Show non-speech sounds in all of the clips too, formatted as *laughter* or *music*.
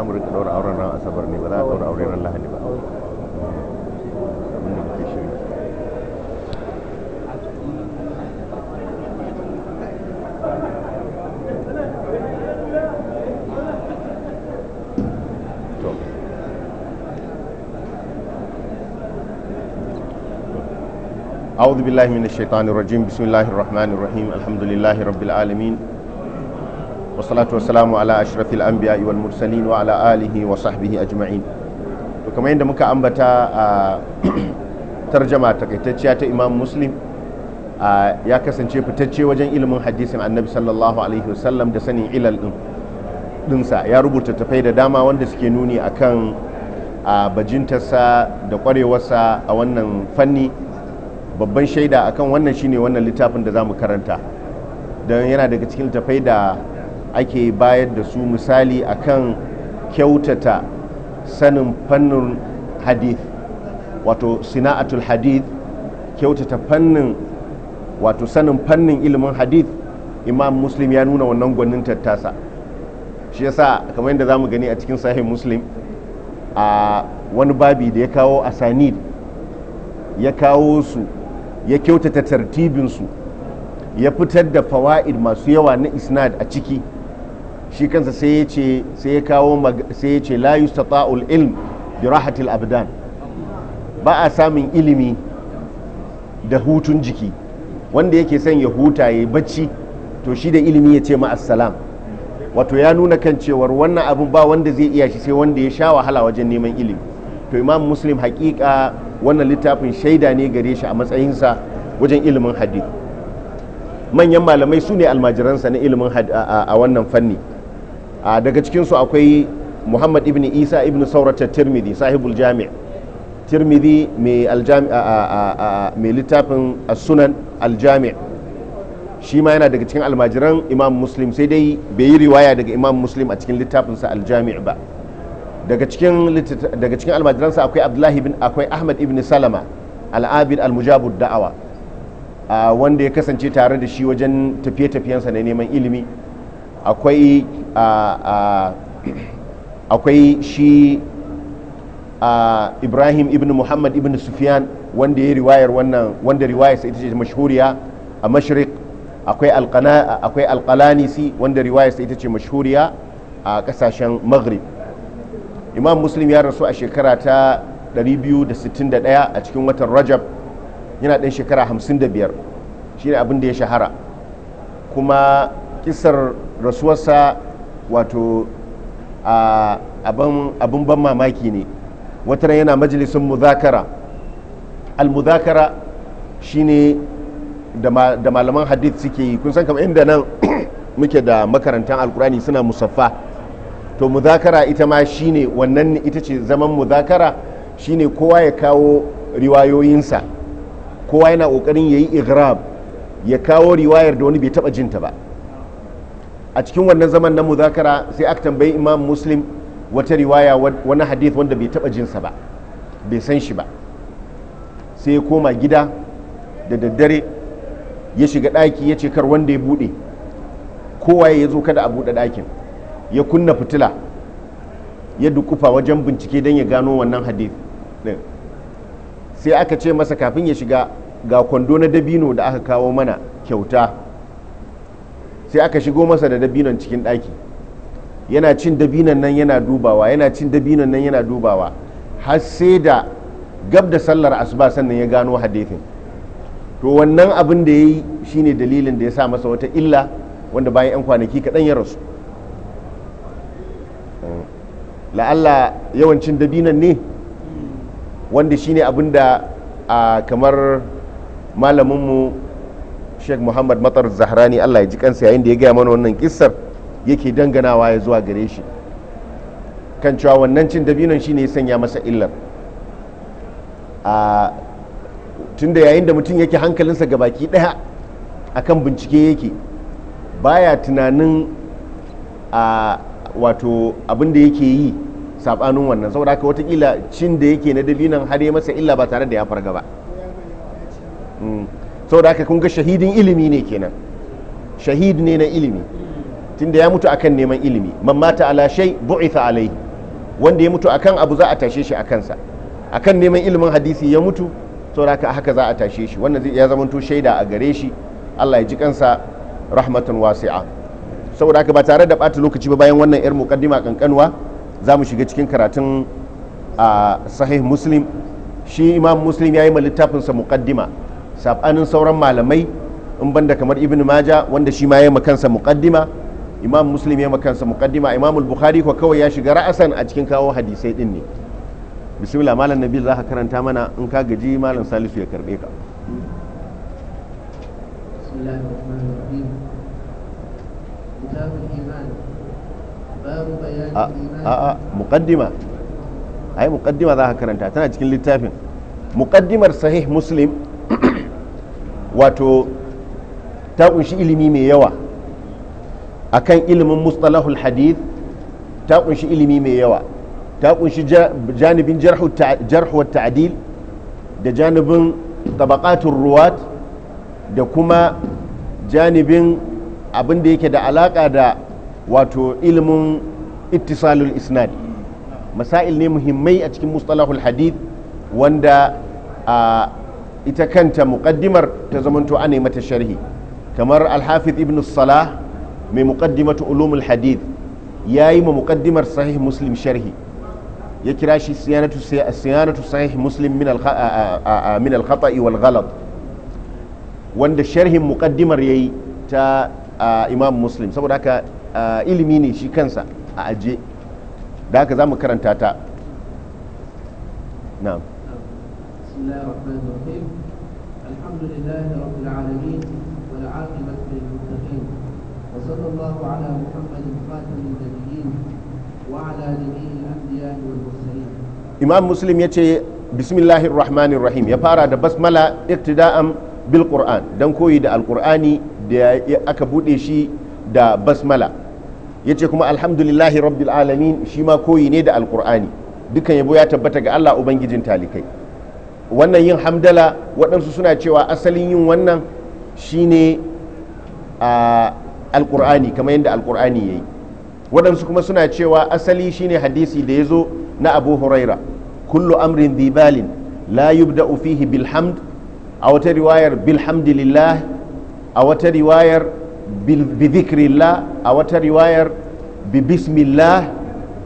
za mu rika daura auren ran asabar ne ba أعوذ بالله من الشيطان الرجيم بسم الله الرحمن الرحيم الحمد لله رب العالمين wasalatu wasalamu ala ashrafil anbiya wal mursalin wa ala alihi wa sahbihi ajma'in to kamar yadda muka ambata a *clears throat* tarjama takaitacciya ta imam muslim ya kasance fitacce wajen ilimin hadisin annabi sallallahu alaihi wasallam da sanin ilal din dinsa ya rubuta tafai da dama wanda suke nuni akan bajintarsa da kwarewarsa a wannan fanni babban shaida akan wannan shine wannan littafin da za mu karanta don yana daga cikin tafai da ake bayar da su misali akan kyautata sanin fannin hadith wato sina'atul hadith kyautata fannin wato sanin fannin ilimin hadith imam muslim ya nuna wannan gwanin tattasa shi yasa kamar yadda zamu gani a cikin sahih muslim a wani babi da ya kawo asanid ya kawo su ya kyautata tartibinsu ya fitar da fawa'id masu yawa na isnad a ciki shi kansa sai ya ce sai ya kawo sai ya ce la yustata'ul ilm bi rahatil abdan ba a samun ilimi da hutun jiki wanda yake son ya huta ya bacci to shi da ilimi ya ce ma assalam wato ya nuna kan cewar wannan abin ba wanda zai iya shi sai wanda ya sha wahala wajen neman ilimi to imam muslim hakika wannan littafin shaida ne gare shi a matsayinsa wajen ilimin hadith manyan malamai su ne almajiransa na ilimin a wannan fanni daga cikinsu akwai muhammad ibn isa ibn saurata tirmidhi sahibul jami' tirmidhi mai littafin sunan aljami' shi ma yana daga cikin almajiran imam muslim sai dai bai yi riwaya daga imam muslim a cikin littafinsa aljami' ba daga cikin almajiransa akwai abdullahi bin akwai ahmad ibn salama al'abid al da'awa wanda ya kasance tare da shi wajen tafiye-tafiyensa na neman ilimi akwai akwai shi ibrahim ibn muhammad ibn sufyan wanda ya riwayar wannan wanda sa ita ce mashhuriya a mashrik akwai akwai alqalanisi wanda sa ita ce mashhuriya a kasashen maghrib imam muslim ya rasu a shekara ta 261 a cikin watan rajab yana ɗan shekara 55 shine abin da ya shahara kuma kisar rasuwarsa wato abin ban mamaki ne wata yana majalisun muzakara al-muzakara shine da malaman hadith suke yi kun san kamar inda nan *coughs* muke da makarantar alkurani suna musaffa to muzakara ita ma shine wannan ita ce zaman muzakara shine kowa ya kawo riwayoyinsa kowa yana kokarin ya yi igrab ya kawo riwayar da wani bai taba jinta ba a cikin wannan zaman na muzakara sai aka tambayi imam muslim wata riwaya wani hadith wanda bai taba jinsa ba bai san shi ba sai ya koma gida da daddare ya shiga daki ya ce kar wanda ya buɗe kowa ya zo kada a buɗe ɗakin ya kunna fitila ya dukufa wajen bincike don ya gano wannan hadith ɗin sai aka ce masa kafin ya shiga ga kwando na dabino da aka kawo mana kyauta sai aka shigo masa da dabinon cikin ɗaki yana cin dabinon nan yana dubawa yana cin dabinon nan yana dubawa har sai da gab da sallar asuba sannan ya gano hadithin to wannan abin da ya yi shine dalilin da ya sa masa wata illa wanda bayan 'yan kwanaki kaɗan ya rasu la'alla yawancin dabinon ne wanda shine abin da kamar malaminmu sheikh muhammad matar zahrani allah ya ji kansa yayin da ya gaya mana wannan kissar yake danganawa ya zuwa gare shi kan cewa wannan cin dabinon shine ya sanya masa illar a tunda yayin da mutum yake hankalinsa ga baki daya akan bincike yake baya tunanin a wato abin da yake yi sabanin wannan saboda haka watakila cin da yake na dabinon har ya masa illa ba tare da ya farga ba hmm. saboda haka aka ga shahidin ilimi ne kenan shahid ne na ilimi tunda ya mutu akan neman ilimi man mata ala shay bu'itha alaihi wanda ya mutu akan abu za a tashe shi akan sa akan neman ilimin hadisi ya mutu saboda haka haka za a tashe shi wannan ya zamanto shaida a gare shi Allah ya ji kansa rahmatan wasi'a saboda haka ba tare da bata lokaci ba bayan wannan yar muqaddima kankanwa za mu shiga cikin karatun a sahih muslim shi imam muslim ya yi ma littafinsa muqaddima sabanin sauran malamai in banda kamar ibn maja wanda shi ma ya makansa muqaddima imam muslim ya makansa muqaddima imam al-bukhari ko kawai ya shiga ra'asan a cikin kawo hadisai din ne bismillah malam nabil zaka karanta mana in ka gaji malam salisu ya karbe ka a'a muqaddima ai muqaddima za ka karanta tana cikin littafin muqaddimar sahih muslim wato ta kunshi ilimi mai yawa a kan ilimin mustalahul hadith ta kunshi ilimi mai yawa ta kunshi janibin jarhuwar ta'adil da janibin tabakatun ruwat da kuma janibin abinda da yake da alaka da wato ilimin ittisalul isnad masail ne muhimmai a cikin mustalahul hadith wanda a ita kanta muƙaddimar ta zamanto ana mata sharhi kamar alhafiz ibn salah mai muƙaddimatu ulumul hadith ya yi ma muqaddimar sahih muslim sharhi ya kira shi siyanatu sahih muslim min alkhata'i wal ghalad wanda sharhin muƙaddimar ya yi ta imam muslim saboda haka ilimi ne shi kansa a aje da haka za mu karanta ta na'am Imam Muslim ya ce الحمد rahmanir rahim ya fara da basmala iktida'an bil Qur'an dan koyi da alqur'ani da aka bude shi da basmala yace kuma alhamdulillahi rabbil alamin shi ma koyi ne da alqur'ani dukan yabo ya tabbata ga Allah ubangijin talikai wannan yin hamdala waɗansu suna cewa asalin yin wannan shine alkur'ani kamar yadda alkur'ani ya yi waɗansu kuma suna cewa asali shine hadisi da ya zo na abu huraira kullu amrin dibalin la yubda fihi bilhamd a wata riwayar bilhamdillah a wata riwayar bidhikrillah a wata riwayar bibismillah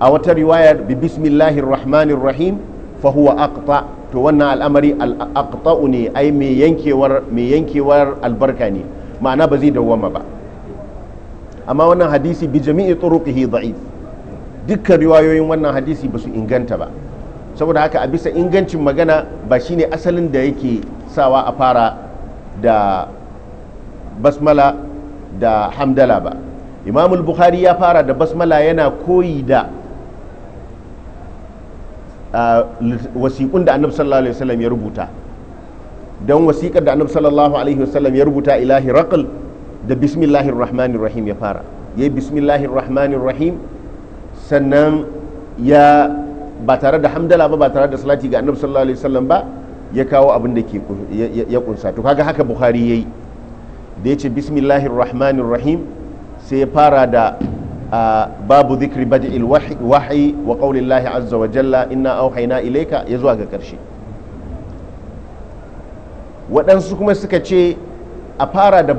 a wata riwayar bibismillahir rahim fa huwa aqta' to wannan al'amari al'aqta'u ne ai mai yankewar mai yankewar albarka ne ma'ana ba zai dawwama ba amma wannan hadisi bi jami'i turuqihi da'if dukkan riwayoyin wannan hadisi ba su inganta ba saboda haka a bisa ingancin magana ba shine asalin da yake sawa a fara da basmala da hamdala ba imamul bukhari ya fara da basmala yana koyi da wasiƙun da annabi sallallahu alaihi wasallam ya rubuta don wasiƙar da annabi sallallahu alaihi wasallam ya rubuta ilahi raqal da bismillahir rahmanir rahim ya fara yayi bismillahir rahmanir rahim sannan ya ba tare da hamdala ba ba tare da salati ga annabi sallallahu alaihi wasallam ba ya kawo abin da ke ya kunsa to kaga haka bukhari yayi da yace bismillahir rahmanir rahim sai ya fara da babu zikri bad'il wahyi wa qaulillahi azza wa jalla inna auhayna ilayka ya zuwa ga karshe waɗansu kuma suka ce a fara da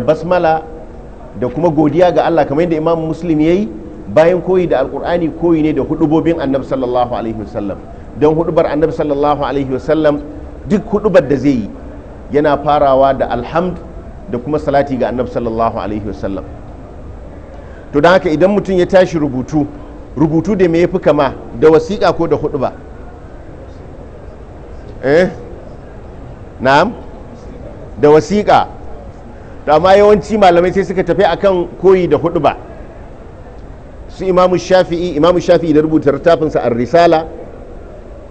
basmala da kuma godiya ga Allah kamar yadda Imam Muslim yayi bayan koyi da Alkur'ani koyi ne da hudubobin Annabi sallallahu alaihi wasallam don hudubar Annabi sallallahu alaihi wasallam duk hudubar da zai yi yana farawa da alhamd da kuma salati ga Annabi sallallahu alaihi wasallam to don haka idan mutum ya tashi rubutu rubutu da me ya fi kama da wasiƙa ko da hudu ba eh na'am da wasiƙa to amma yawanci malamai sai suka tafi akan koyi da hudu ba su imamu shafi'i imamu shafi'i da rubuta littafinsa a risala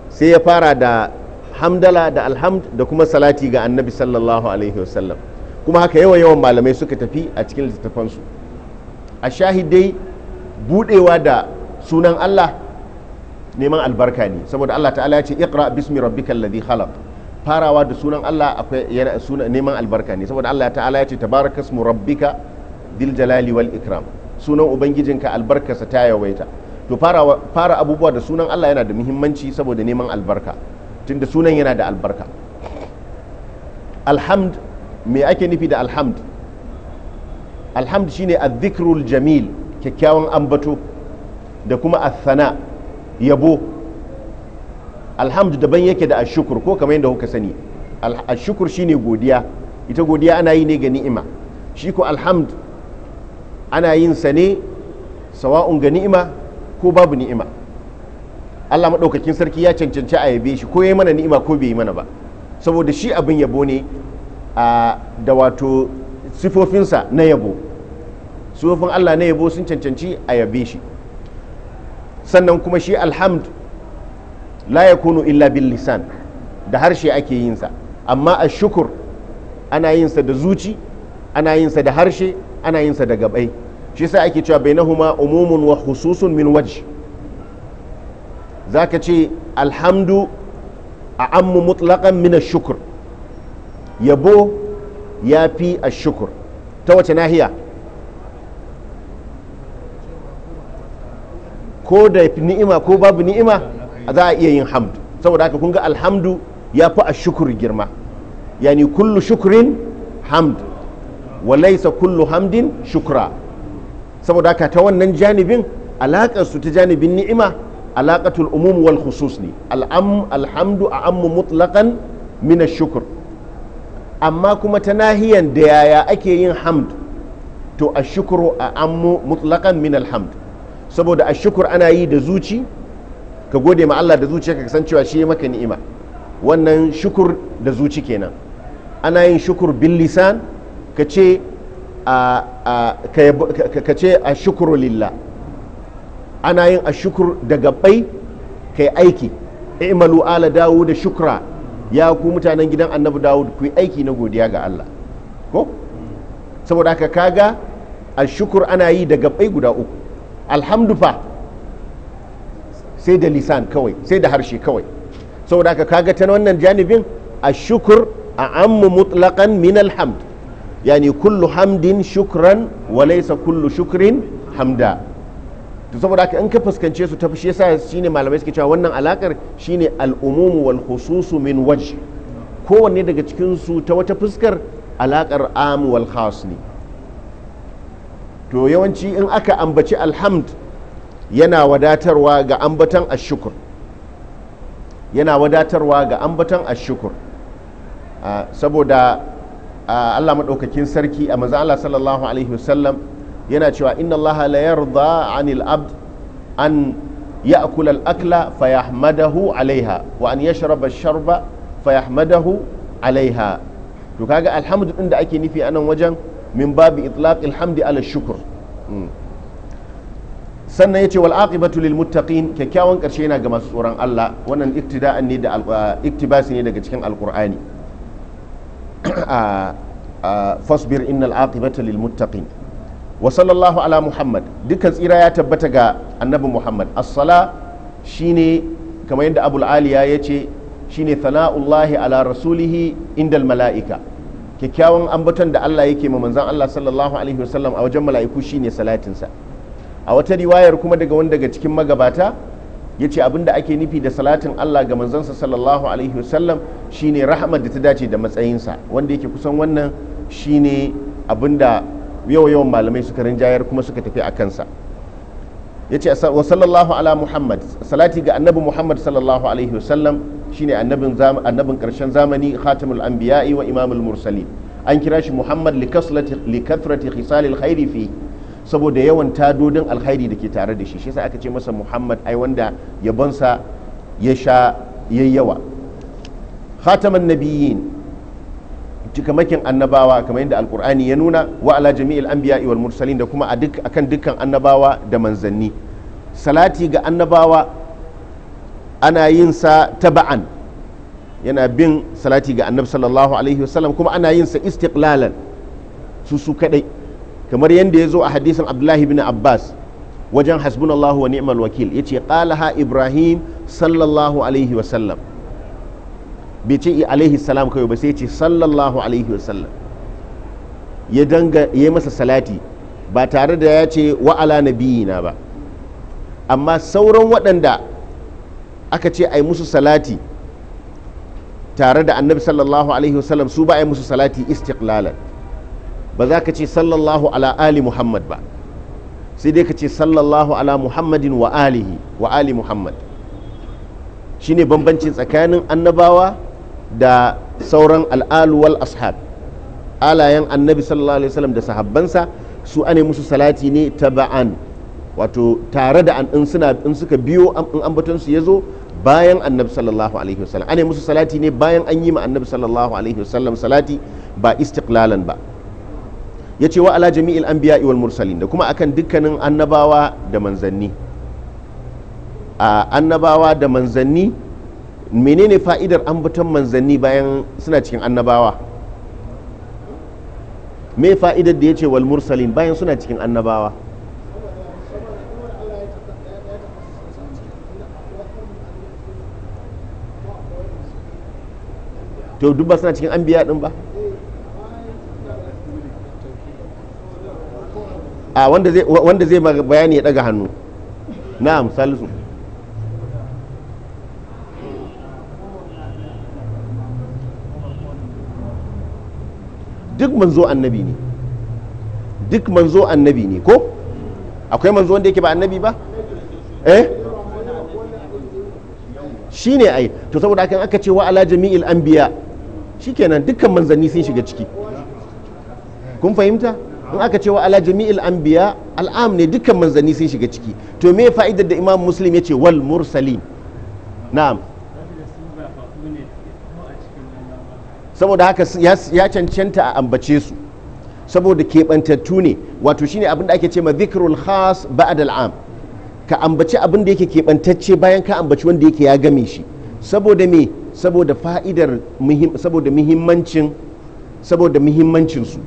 sai ya fara da hamdala da alhamd da kuma salati ga annabi sallallahu alaihi wasallam kuma haka yawan yawan malamai suka tafi a cikin littattafansu a shahidai budewa da sunan Allah neman albarka ne saboda Allah ta'ala ya ce iqra bismi rabbikal ladhi khalaq farawa da sunan Allah akwai yana sunan neman albarka ne saboda Allah ta'ala ya ce tabarakasmu rabbika dil jalali wal ikram sunan ubangijinka albarkarsa ta yawaita to fara abubuwa da sunan Allah yana da muhimmanci saboda neman albarka tunda sunan yana da albarka alhamd me ake nufi da alhamd alhamdu shine a jamil kyakkyawan ambato da kuma athana yabo alhamdu daban yake da ashukur ko kamar yadda kuka sani ashukur shine godiya ita godiya ana yi ne ga ni'ima shi ko alhamdu ana yin sa ne sawa'un ga ni'ima ko babu ni'ima Allah maɗaukakin sarki ya cancanci a yabe shi ko ya yi mana ni'ima ko bai yi mana ba saboda shi abin yabo ne da wato sifofinsa na yabo sufofin Allah na yabo sun cancanci a yabe shi sannan kuma shi alhamd la yakunu illa bil lisan da harshe ake yin sa amma ashukur ana yinsa da zuci ana yinsa da harshe ana yinsa da gabai shi sa ake cewa bainahuma umumun wa khususun min wajh zaka ce alhamdu a ammu mutlaqan min ashukur yabo ya fi ashukur ta wace nahiya ko da ni'ima ko babu ni'ima za a iya yin hamdu saboda haka kun ga alhamdu ya fi a shukuri girma yani kullu shukurin hamd wa laisa kullu hamdin shukra saboda haka ta wannan janibin alaƙar ta janibin ni'ima alaƙatul umum wal khusus ne alhamdu a ammu mutlaqan min shukur amma kuma ta nahiyan da yaya ake yin hamd to ashukuru a ammu mutlaqan min alhamd saboda a shukur ana yi da zuci ka gode ma Allah da zuciyar ka san cewa shi ya maka ni'ima wannan shukur da zuci kenan ana yin shukur bil lisan ka ce ka ce ana yin a shukur da gabbai kai aiki i'malu ala dawo da shukra ya ku mutanen gidan annabi dawud ku yi aiki na godiya ga Allah ko saboda ka kaga a shukur ana yi da gabai guda uku alhamdu fa sai da lisan kawai sai da harshe kawai saboda haka kaga ta wannan janibin shukur a ammu mutlaqan min alhamd yani kullu hamdin shukran wa laysa kullu shukrin hamda to saboda haka in ka fuskance su ta shi yasa shine malamai suke cewa wannan alakar shine al-umumu wal khususu min wajh kowanne daga cikin su ta wata fuskar alakar am wal ne to yawanci in aka ambaci alhamd yana wadatarwa ga ambatan ashukur yana wadatarwa ga ambatan ashukur ah, saboda ah, Allah maɗaukakin sarki a maza Allah sallallahu alaihi wasallam yana cewa inna Allah la yarda anil abd an ya'kula al-akla fayahmadahu alaiha wa an yashraba sharba fayahmadahu alaiha to kaga alhamdu din da ake nufi anan wajen min babu itlaq alhamdi ala shukr hmm. sannan yace wal aqibatu lil muttaqin kyakkyawan karshe yana ga masu tsoron Allah wannan iktida'an ne da ah, iktibasi ne daga cikin alqur'ani *coughs* ah, ah, fasbir innal aqibata lil muttaqin wa sallallahu ala muhammad dukkan tsira ya tabbata ga annabi muhammad as-sala shine kamar yadda abul aliya ya ce shine sana'ullahi ala rasulihi indal mala'ika kyakkyawan ambaton da Allah yake ma manzon Allah sallallahu alaihi wasallam a wajen mala'iku shine salatinsa a wata riwayar kuma daga wanda daga cikin magabata yace ce abinda ake nufi da salatin Allah ga manzansa sallallahu alaihi wasallam shine rahmat da ta dace da matsayinsa wanda yake kusan wannan shine abinda yau yawan malamai suka rinjayar kuma suka tafi a kansa ya wa sallallahu ala muhammad salati ga annabi muhammad sallallahu alaihi wasallam shine annabin karshen zamani khatamul anbiya'i wa imamul mursalin an kira shi muhammad li kathrati khisalil khairi fi saboda yawan tadodin alkhairi da ke tare da shi shi aka ce masa muhammad ai wanda yabonsa ya sha yayyawa khataman nabiyyin cikamakin annabawa kamar yadda alkur'ani ya nuna wa ala jami'il anbiya wal mursalin da kuma a kan akan dukkan annabawa da manzanni salati ga annabawa ana yin sa taba'an yana bin salati ga annabi sallallahu alaihi wasallam kuma ana yin sa istiqlalan su su kadai kamar yadda ya zo a hadisin abdullahi bin abbas wajen hasbunallahu wa ni'mal wakil yace qalaha ibrahim sallallahu alaihi wasallam bai ce alaihi salam kawai ba sai ce sallallahu alaihi wasallam ya danga ya masa salati ba tare da ya ce wa ala nabiyina ba amma sauran waɗanda aka ce a yi musu salati tare da annabi sallallahu alaihi wasallam su ba a yi musu salati istiqlalan ba za ka ce sallallahu ala ali muhammad ba sai dai ka ce sallallahu ala muhammadin wa alihi wa ali muhammad shine bambancin tsakanin annabawa da sauran al'alu wal ashab alayen annabi sallallahu alaihi wasallam da sahabbansa su ane musu salati ne taba'an wato tare da an suna in suka biyo in ambaton su yazo bayan annabi sallallahu alaihi wasallam ane musu salati ne bayan an yi ma annabi sallallahu alaihi wasallam salati ba istiqlalan ba yace wa ala jami'il anbiya wal mursalin da kuma akan dukkanin annabawa da manzanni a annabawa da manzanni menene fa'idar ambaton manzanni bayan suna cikin annabawa me fa'idar da yace wal mursalin bayan suna cikin annabawa to duk ba suna cikin an biya din ba a wanda zai bayani ya daga hannu na'am salisu duk manzo annabi ne duk manzo annabi ne ko akwai manzo wanda yake ba annabi ba eh shine ai to saboda hakan aka ce wa ala jami'il anbiya shikenan dukkan manzanni sun shiga ciki kun fahimta in aka cewa ala jami'il anbiya al'am ne dukkan manzanni sun shiga ciki to me fa'idar da imam muslim ya ce wal mursalin na'am saboda haka ya cancanta a ambace su saboda keɓantattu ne wato shine abin da ake ce ma zikrul khas ba'd al'am ka ambaci abin da yake keɓantacce bayan ka ambaci wanda yake ya game shi saboda me saboda fa'idar saboda muhimmancin saboda muhimmancinsu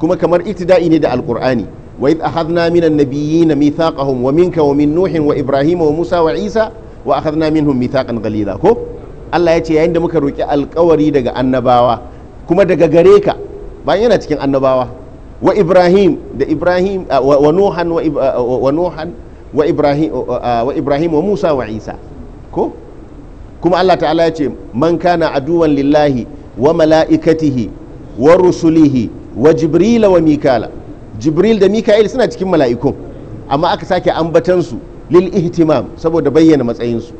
kuma kamar itida'i ne da alkur'ani wa idh akhadna minan nabiyyina mithaqahum wa minka wa min nuhin wa ibrahima wa musa wa isa wa akhadna minhum mithaqan ghalidha ko Allah ya ce yayin da muka roki alkawari daga annabawa kuma daga gare ka bayan yana cikin annabawa wa ibrahim da ibrahim wa nuhan wa ibrahim wa ibrahim wa musa wa isa ko kuma Allah ta'ala ya ce man kana aduwan lillahi wa mala'ikatihi wa rusulihi wa jibrila wa mikala jibril da mika'il suna cikin mala'ikun amma aka sake ambatansu lil ihtimam saboda bayyana matsayinsu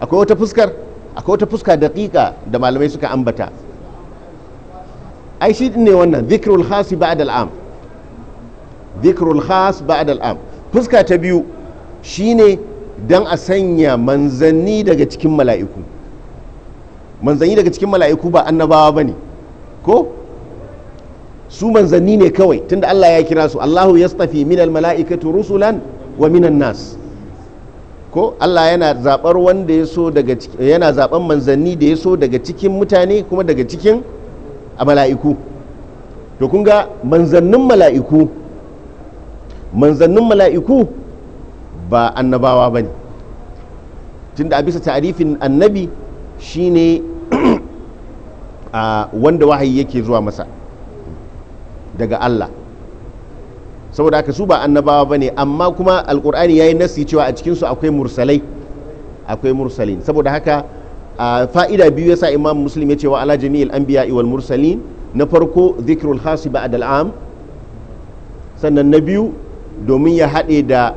akwai wata fuskar akwai wata fuska daƙiƙa da malamai suka ambata ai shi ne wannan zikrul khas ba'da al'am zikrul khas ba'da al'am fuska ta biyu shine don a sanya manzanni daga cikin mala'iku manzanni daga cikin mala'iku ba annabawa ba ne ko su manzanni ne kawai tunda Allah ya kira su Allahu ya stafi minal mala'ikatu rusulan wa minan nas ko Allah yana zaɓar wanda yana zaɓar manzanni da ya so daga cikin mutane kuma daga cikin a mala'iku to kun ga manzannin mala'iku manzannin mala'iku ba annabawa ba ne tunda a bisa ta'arifin annabi shine *clears throat* wanda wahayi yake zuwa masa daga Allah saboda haka su ba annabawa ba ne amma kuma alkur'ani ya yi nasi cewa a cikinsu akwai mursalai akwai mursalin saboda haka fa'ida biyu ya sa imam muslim ya ce ala jami'il anbiya iwal mursalin na farko zikrul hasi ba'd al'am sannan na biyu domin ya haɗe da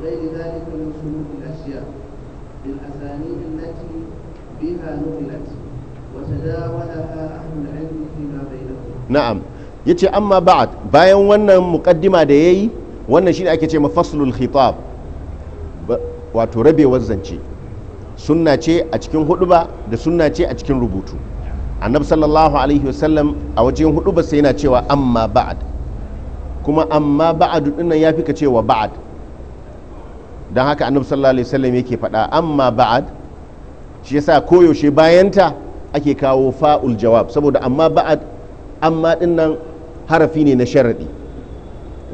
وغير ذلك من سلوك الأشياء بالأسانيد التي بها نقلت وتداولها أهل العلم فيما بينهم نعم yace amma ba'ad bayan wannan muqaddima da yayi wannan shine ake ce mafaslul khitab wato rabewar zance sunna ce a cikin huduba da sunna ce a cikin rubutu annabi sallallahu alaihi wasallam a wajen huduba sai yana cewa amma ba'ad kuma amma ba'ad dinnan yafi ka cewa ba'ad don haka annabi sallallahu alaihi wasallam yake faɗa amma ba'ad shi yasa koyaushe bayanta ake kawo fa'ul jawab saboda amma ba'ad amma din nan harafi ne na sharadi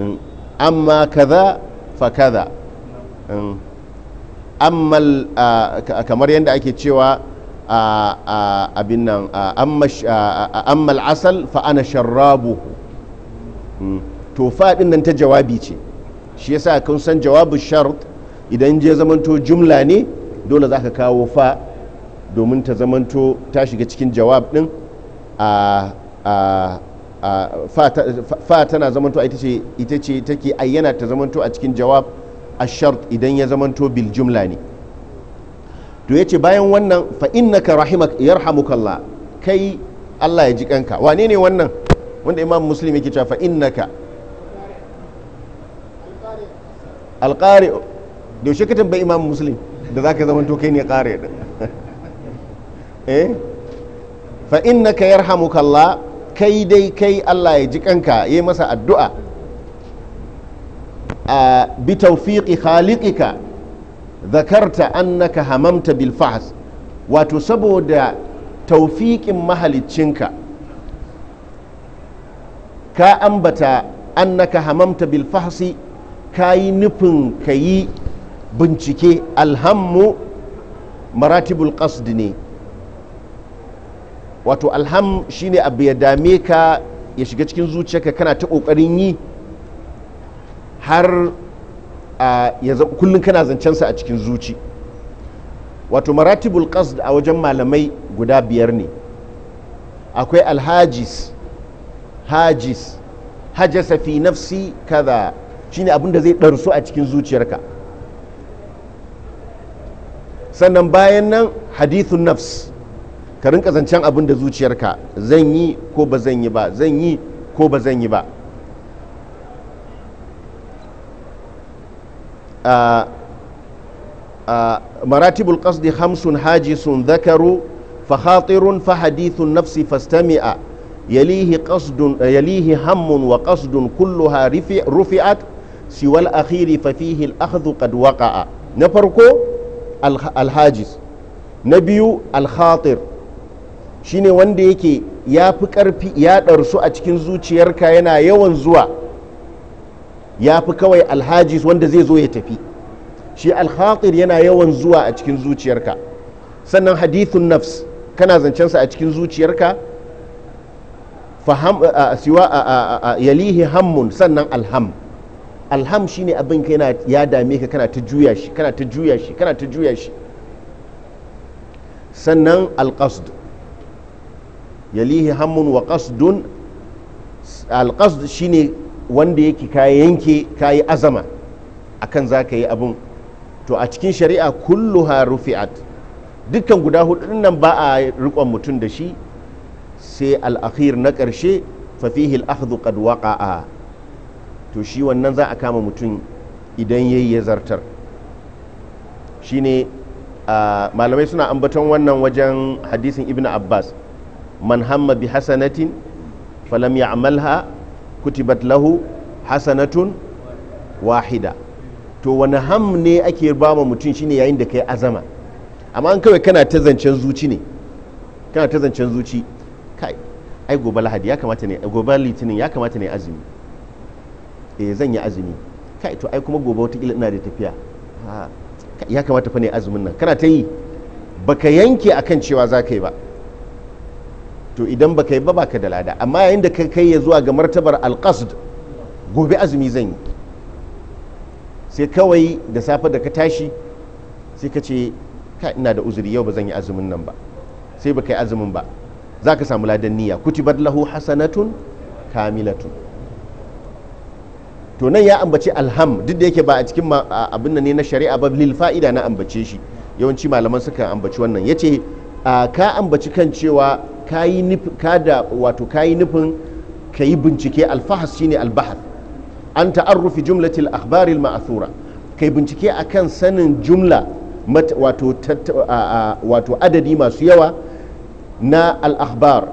mm. amma kaza fa kaza mm. amma kamar yadda ake cewa abin nan amma asal fa ana sharrabu mm. to fa din nan ta jawabi ce shi yasa kun san jawabu shart idan je zamanto jumla ne dole za ka kawo fa domin ta zamanto ta shiga cikin jawab din a fa tana zamanto ita ce take ayyana ta zamanto a cikin jawab a shart idan ya zamanto bil jumla ne to ya ce bayan wannan fa innaka rahimak yarhamukallah kai Allah ya ji kanka wane ne wannan wanda imam muslim yake cewa fa innaka alƙari da yaushe ka tambayi imam muslim da za ka zama to kai ne kare din eh fa innaka yarhamuka Allah kai dai kai Allah ya ji kanka yayi masa addu'a a bi tawfiqi khaliqika zakarta annaka hamamta bil fahs wato saboda taufiƙin mahaliccinka ka ambata annaka hamamta bil fahsi ka nufin kayi bincike alhammu maratibul qasd ne wato alham shine abu ya dame ka ya shiga cikin zuciyarka kana ta kokarin yi har kullum kana zancensa a cikin zuci wato maratibul qasd a wajen malamai guda biyar ne akwai alhajis hajis hajasa fi nafsi kaza shine abin da zai ɗarsu a cikin zuciyarka sannan bayan nan hadithun nafs ka rinka zancen abin da zuciyarka zan yi ko ba zan yi ba zan yi ko ba zan yi ba maratibul qasdi hamsun hajisun zakaru fa khatirun fa hadithun nafsi fastami'a yalihi wa قصد kulluha هم siwal a رفعت fa الأخير ففيه الأخذ قد na farko. alhajis na biyu alhatir shine wanda yake ya fi karfi ya ɗarsu a cikin zuciyarka yana yawan zuwa ya fi kawai alhajis wanda zai zo ya tafi shi alhatir yana yawan zuwa a cikin zuciyarka sannan hadithun nafs kana zancensa a cikin zuciyarka faham siwa yalihi hammun sannan alham alham shine abin ka yana ya dame ka kana ta juya shi kana ta juya shi kana ta juya shi sannan alqasd yalihi hammun wa qasdun alqasd shine wanda yake ka yanke ka yi azama akan za ka yi abin to a cikin shari'a kulluha rufi'at dukkan guda hudu nan ba a riƙon mutum da shi sai al'akhir na ƙarshe fafihil akhdhu qad waqa'a to shi wannan za a kama mutum idan ya yi ya zartar shi ne malamai suna ambaton wannan wajen hadisin ibn abbas man hamma bi hasanatin falam ya amalha kutibat lahu hasanatun wahida to wani ham ne ake ba ma mutum shine yayin da kai azama amma an kawai kana ta zancen zuci ne kana ta zancen zuci kai ai gobe lahadi ya kamata ne gobe litinin ya kamata ne azumi eh zan yi azumi kai to ai kuma gobe wata ina da tafiya ya kamata fa ne azumin nan kana ta yi baka yanke akan cewa za ka yi ba to idan baka yi ba baka da lada amma yayin da ka kai ya zuwa ga martabar alqasd gobe azumi zan yi sai kawai da safe da ka tashi sai ka ce kai ina da uzuri yau ba zan yi azumin nan ba sai baka yi azumin ba za ka samu ladan niyya kutibat lahu hasanatun kamilatun to nan ya ambace alham duk da yake ba a cikin abin nan ne na shari'a ba lil fa'ida na ambace shi yawanci malaman suka ambaci wannan yace ka ambaci kan cewa kayi nufin ka da wato kayi nufin kayi bincike alfahas shine albahar an ta'arrufi jumlatil akhbari al-ma'thura kai bincike akan sanin jumla wato wato adadi masu yawa na al-akhbar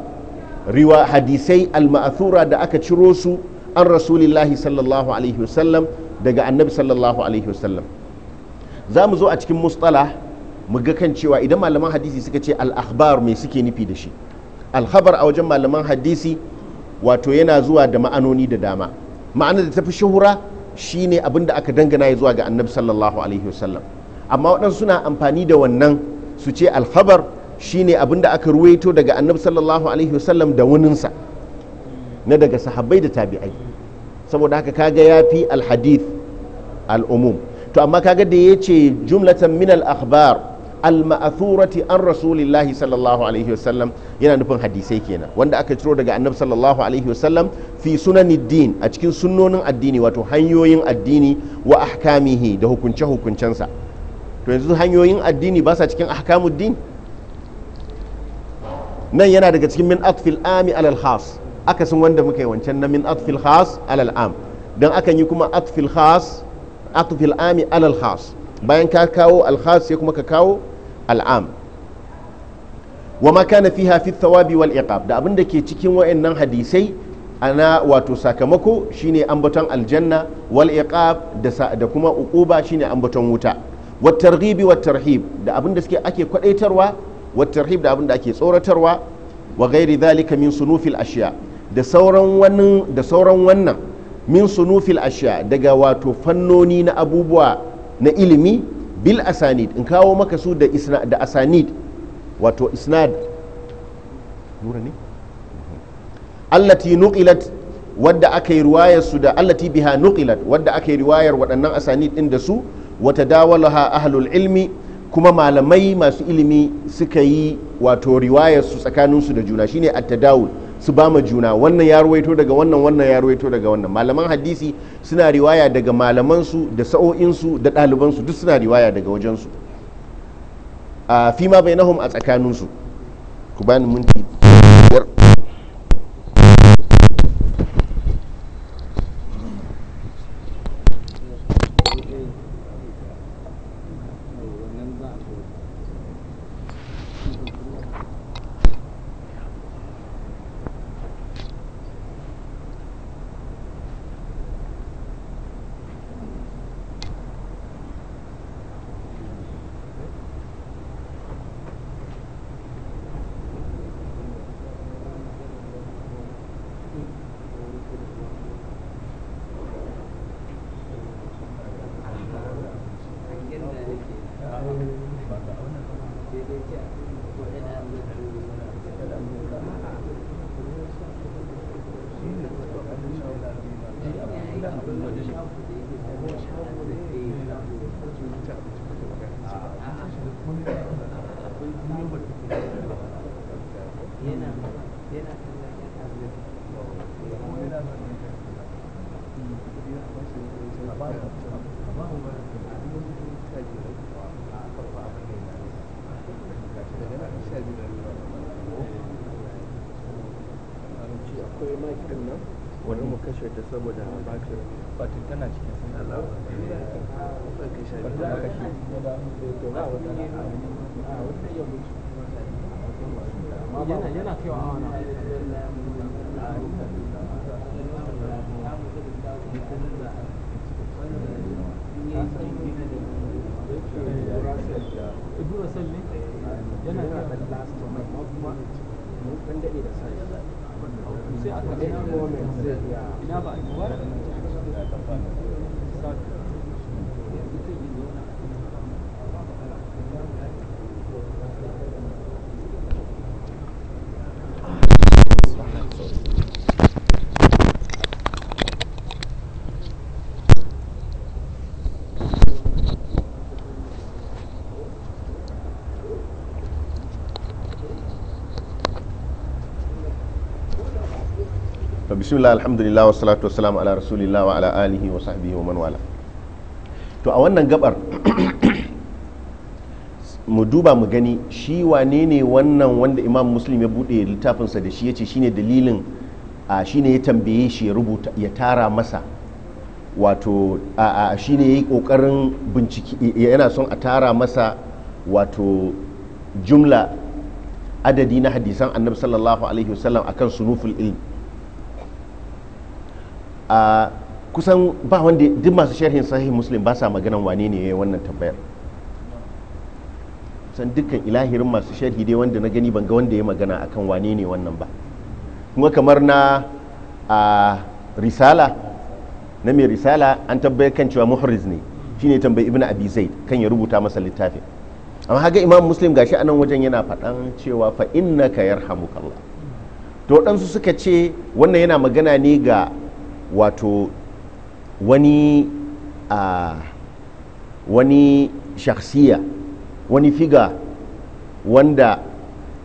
riwa hadisai al da aka ciro su an rasulillahi sallallahu alaihi wasallam daga annabi sallallahu alaihi wasallam za mu zo a cikin mustala mu ga kan cewa idan malaman hadisi suka ce al-akhbar me suke nufi da shi al-khabar a wajen malaman hadisi wato yana zuwa da ma'anoni da dama Ma'ana da tafi shahura shine abin da aka dangana ya zuwa ga annabi sallallahu alaihi wasallam amma waɗansu suna amfani da wannan su ce al-khabar shine abin da aka ruwaito daga annabi sallallahu alaihi wasallam da wuninsa. na daga sahabbai da tabi'ai saboda haka kaga ya fi alhadith al'umum to amma kaga da ya ce jumlatan min al-akhbar al-ma'athurati an rasulillahi sallallahu alaihi wasallam yana nufin hadisai kenan wanda aka ciro daga annabi sallallahu alaihi wasallam fi sunanin din a cikin sunnonin addini wato hanyoyin addini wa ahkamihi da hukunce hukuncensa to yanzu hanyoyin addini ba sa cikin din nan yana daga cikin min atfil ami alal khas akasin wanda muka yi wancan na min atfil khas alal am don akan yi kuma atfil khas atfil ami alal khas bayan ka kawo al khas sai kuma ka kawo al am wa ma kana fiha fi thawabi wal iqab da abinda ke cikin wayannan hadisai ana wato sakamako shine ambaton aljanna wal iqab da da kuma uquba shine ambaton wuta wat targhibi tarhib da abinda suke ake kwadaitarwa wat tarhib da abinda ake tsoratarwa wa ghairi dhalika min sunufil ashiya da sauran wannan min sunufil ashiya daga wato fannoni na abubuwa na ilimi bil asanid in kawo maka su da isna da asanid wato isnad allati nuqilat wadda aka yi su da allati biha nuqilat wadda aka yi riwayar waɗannan asanid ɗin da su wata dawalaha ahlul ilmi kuma malamai masu ilimi suka yi wato riwayar su tsakaninsu da juna shine at-tadawul su ba ma juna wannan ya ruwaito daga wannan wannan ya ruwaito daga wannan malaman hadisi suna riwaya daga malamansu da sa'o'insu da ɗalibansu duk suna riwaya daga wajensu a ah, fima bainahum a tsakaninsu ku bani minti Ina ba, mubarak. bismillah alhamdulillah wasu salatu wa salamu ala rasulillah wa ala alihi wa sahbihi wa manwala to a wannan gabar *coughs* mu duba mu gani shi wane ne wannan wanda imam muslim ya bude littafinsa da shi ya ce shine dalilin a shine ya tambaye shi ya rubuta ya tara masa wato a, a shine ya yi kokarin bincike yana son a tara masa wato jumla adadi na hadisan annabi sallallahu alaihi wasallam akan sunuful ilm a kusan ba wanda duk masu sharhin sahih muslim ba sa maganan wane ne yayin wannan tambayar san dukkan ilahirin masu sharhi dai wanda na gani ban ga wanda ya magana akan wane ne wannan ba kuma kamar na a risala na mai risala an tabbayar kan cewa muhriz ne shine tambayi ibnu abi zaid kan ya rubuta masa littafi. amma haga imam muslim gashi anan wajen yana faɗan cewa fa innaka yarhamukallah to waɗansu suka ce wannan yana magana ne ga wato wani a wani shakhsiya wani figa wanda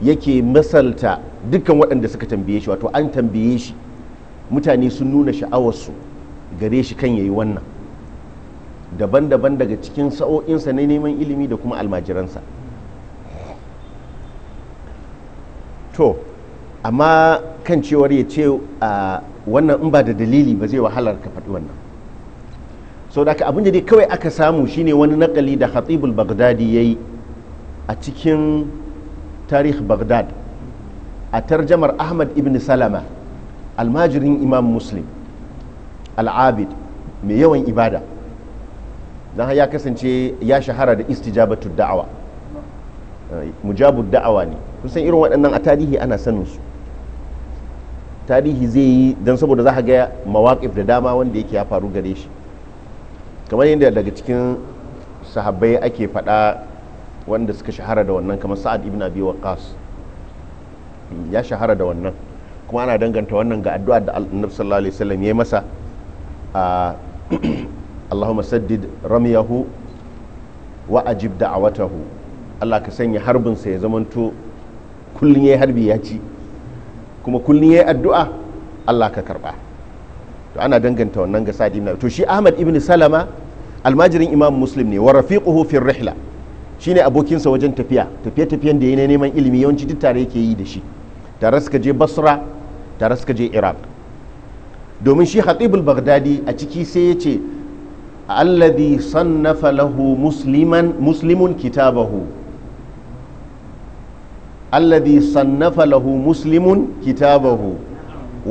yake masalta dukkan waɗanda suka tambaye shi wato an tambaye shi mutane sun nuna sha'awarsu gare shi kan yayi wannan daban-daban daga cikin sa'o'insa na neman ilimi da kuma almajiransa to amma kan cewar ya ce a wannan in ba da dalili ba zai wahalar ka faɗi wannan sau da abin da dai kawai aka samu shine wani nakali da khatibul baghdadi ya yi a cikin tarih baghdad a tarjamar ahmad ibn salama almajirin imam muslim al'abid mai yawan ibada don ya kasance ya shahara da istijabatu da'awa eh, mujabu da'awa ne kusan irin waɗannan a tarihi ana saninsu tarihi zai yi don saboda za a ga mawaƙif da dama wanda yake ya faru gare shi kamar yadda daga cikin sahabbai ake faɗa wanda suka shahara da wannan kamar sa'ad ibn abi waqas ya shahara da wannan kuma ana danganta wannan ga addu'a da annabi sallallahu alaihi wasallam yayi masa a *clears throat* Allahumma saddid ramyahu wa ajib da'awatahu Allah ka sanya harbin sa ya zamanto kullun yayi harbi ya ci kuma ya yayi addu'a Allah ka karba to ana danganta wannan ga Sa'd ibn to shi Ahmad ibn Salama almajirin Imam Muslim ne wa rafiquhu fi rihla shine abokinsa wajen tafiya tafiye tafiyen da yana neman ilimi yawanci duk tare yake yi da shi tare suka je Basra tare suka je Iraq domin shi Khatibul Baghdadi a ciki sai ya ce alladhi sannafa lahu musliman muslimun kitabahu alladhi sannafa lahu muslimun kitabahu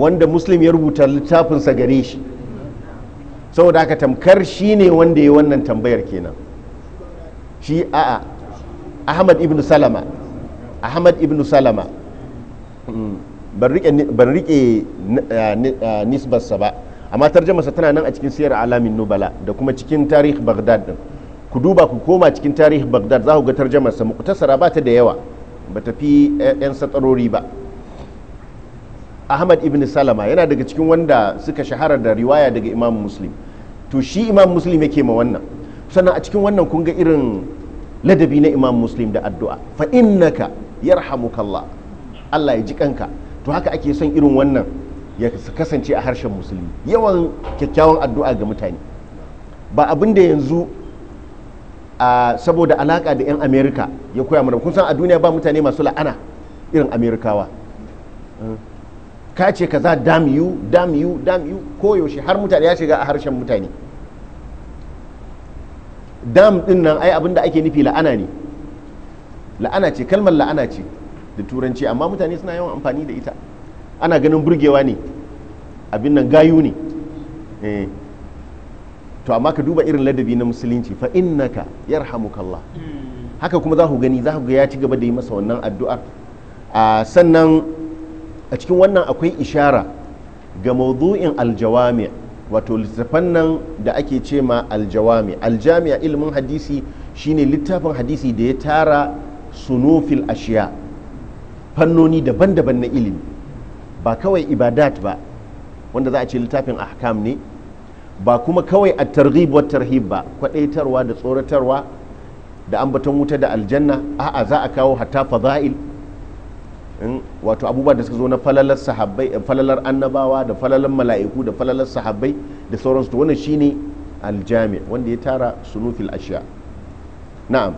wanda muslim ya rubuta littafinsa gare shi saboda aka tamkar shi ne wanda ya wannan tambayar kenan shi a'a ahmad ibn salama ahmad ibn salama hmm, ban rike nisbarsa ba amma tarjamasa tana nan a cikin siyar alamin nubala da kuma cikin tarihi bagdad ku duba ku koma cikin tarihi bagdad za ku ga tarjamarsa muktasara ba ta da yawa ba ta fi 'yan satsarori ba ahmad ibn salama yana daga cikin wanda suka shahara da riwaya daga imam muslim to shi imam muslim yake ma wannan sannan a cikin wannan kun ga irin ladabi na imam muslim da addu'a fa innaka yarhamukallah Allah ya ji kanka to haka ake son irin wannan ya kasance a harshen musulmi yawan kyakkyawan addu'a ga mutane ba abin da yanzu saboda alaka da 'yan amerika ya koya mana kusan a duniya ba mutane masu la'ana irin amerikawa ka ce kaza damn you damn you damn you koyaushe har mutane ya shiga a harshen mutane dam din nan ai abinda ake nufi la'ana ne la'ana ce kalmar la'ana ce da turanci amma mutane suna yawan amfani da ita ana ganin burgewa ne abin nan gayu ne eh. to amma ka duba irin ladabi na musulunci fa innaka yarhamukallah haka kuma za ku gani za ku ga ya ci gaba da yi masa wannan addu'ar sannan a cikin wannan akwai ishara ga maudu'in aljawami wato littafan nan da ake ce ma aljawami aljami'a ilimin hadisi shine littafin hadisi da ya tara sunufil ashiya fannoni daban-daban na ilimi ba kawai ibadat ba wanda za a ce littafin ahkam ne ba kuma kawai a targhib wa tarhib ba kwadaitarwa da tsoratarwa da ambaton wuta da aljanna a'a za a kawo hatta fada'il wato abubuwa da suka zo na falalar sahabbai falalar annabawa da falalar mala'iku da falalar sahabbai da sauransu to wannan shine aljami wanda ya tara sunufil ashiya na'am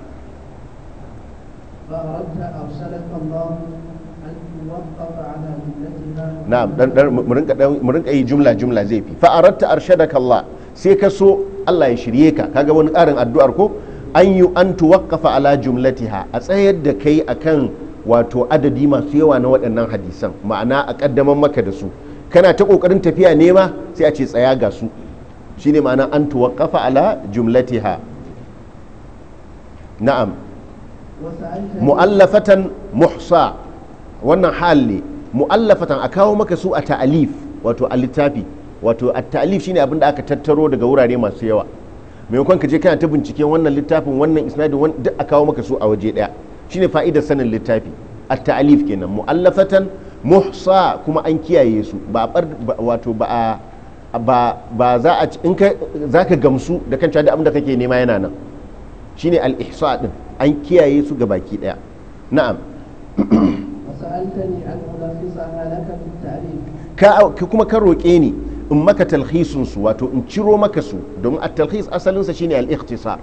na'am mu rinka yi jumla jumla zai fi fa arshe da Allah sai ka so Allah ya shirye ka ka ga wani karin addu'ar ko an yi an tuwaqqafa ala jumlatiha a tsayar da kai kan wato adadi masu yawa na waɗannan hadisan ma'ana a kaddaman maka da su kana ta ƙoƙarin tafiya nema sai a ce tsaya ga su shine ma'ana an tuwaqqafa ala jumlatiha na'am mu'allafatan muhsa wannan hal ne mu'allafatan a kawo maka su a ta'alif wato a littafi wato a ta'alif shine abin da aka tattaro daga wurare masu yawa maimakon ka je kana ta bincike wannan littafin wannan isnadi duk a kawo maka su a waje daya shine fa'idar sanin littafi a ta'alif kenan mu'allafatan muhsa kuma an kiyaye su ba wato ba ba za a in ka za ka gamsu da kan da abin kake nema yana nan shine al-ihsa din an kiyaye su ga baki daya na'am *coughs* ka kuma ka roƙe ni in maka talhisun su wato in ciro maka su domin a talhis asalinsa shine al-ikhtisar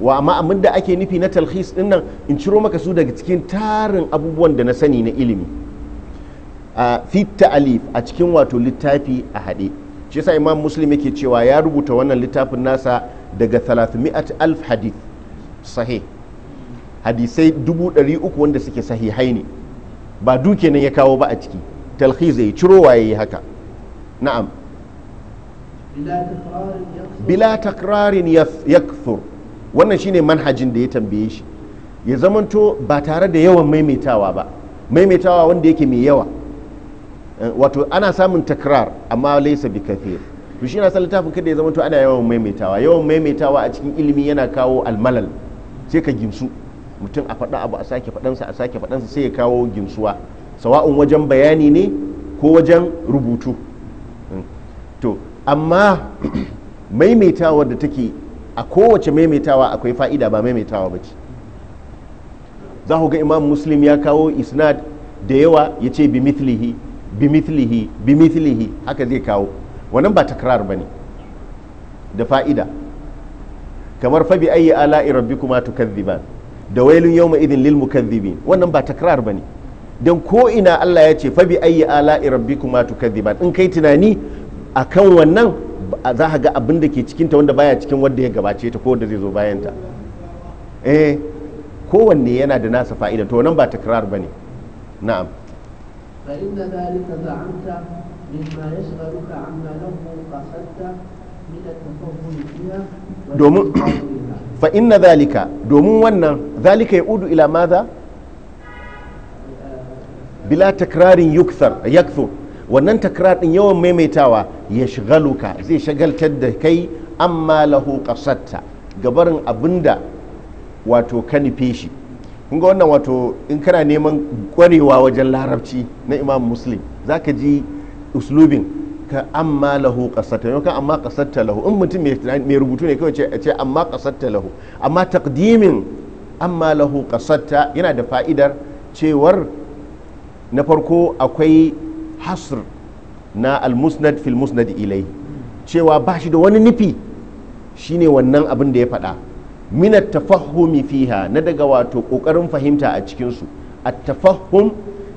wa amma abin da ake nufi na talhis din nan in ciro maka su daga cikin tarin abubuwan da na sani na ilimi a fitta ta'alif a cikin wato littafi a haɗe shi yasa imam muslim yake cewa ya rubuta wannan littafin nasa daga 300,000 hadith sahih hadisai 300 wanda suke sahihai ne ba duke nan ya kawo ba a ciki talhi zai ciro waye haka na'am bila takrarin yakthur wannan shine manhajin da ya tambaye shi ya zamanto ba tare da yawan maimaitawa ba maimaitawa wanda yake mai yawa eh, wato ana samun takrar amma laisa bi kafir to shi na san littafin kada ya zamanto ana yawan maimaitawa yawan maimaitawa a cikin ilimi yana kawo almalal sai ka gimsu mutum a faɗa abu a sake faɗansa a sake faɗansa sai ya kawo ginsuwa sawa'un wajen bayani ne ko wajen rubutu mm. to amma *clears throat* maimaitawa da take a kowace maimaitawa akwai fa'ida ba maimaitawa ba ce za ku ga imam muslim ya kawo isnad da yawa ya ce bimithlihi bimithlihi bimithlihi haka zai kawo wannan ba takrar ba ne da fa'ida kamar fabi ayi ala'i rabbi kuma da wailun yawma idin lil mukaththibin wannan ba ta takrar ne dan ko ina Allah ya ce fa bi ala ala'i rabbikuma tukadziban in kai tunani akan wannan za ka ga abin da ke cikinta ta wanda baya cikin wanda ya gabace ta ko da zai zo bayanta eh kowanne yana da nasa fa'ida to nan ba takrar bane na'am fa inna dhalika za'amta mimma yashghaluka amma lahu qasadta domin fa inna zalika domin wannan zalika ya udu ila maza bila takrarin yakso wannan takrar yawan maimaitawa ya shigaluka zai shagaltar da kai amma lahu kasatta gabarin abinda wato ka nufe shi kun ga wannan wato in kana neman kwarewa wajen larabci na imam muslim zaka ji uslubin ta amma lahu qasatta yau kan amma qasatta lahu in mutum mai rubutu ne kawai ce amma qasatta lahu amma takdimin amma lahu qasatta yana da fa'idar cewar na farko akwai hasr na almusnad fil musnad ilai cewa ba shi da wani nufi shine wannan abin da ya faɗa minat tafahumi fiha na daga wato ƙoƙarin fahimta a cikinsu at tafahum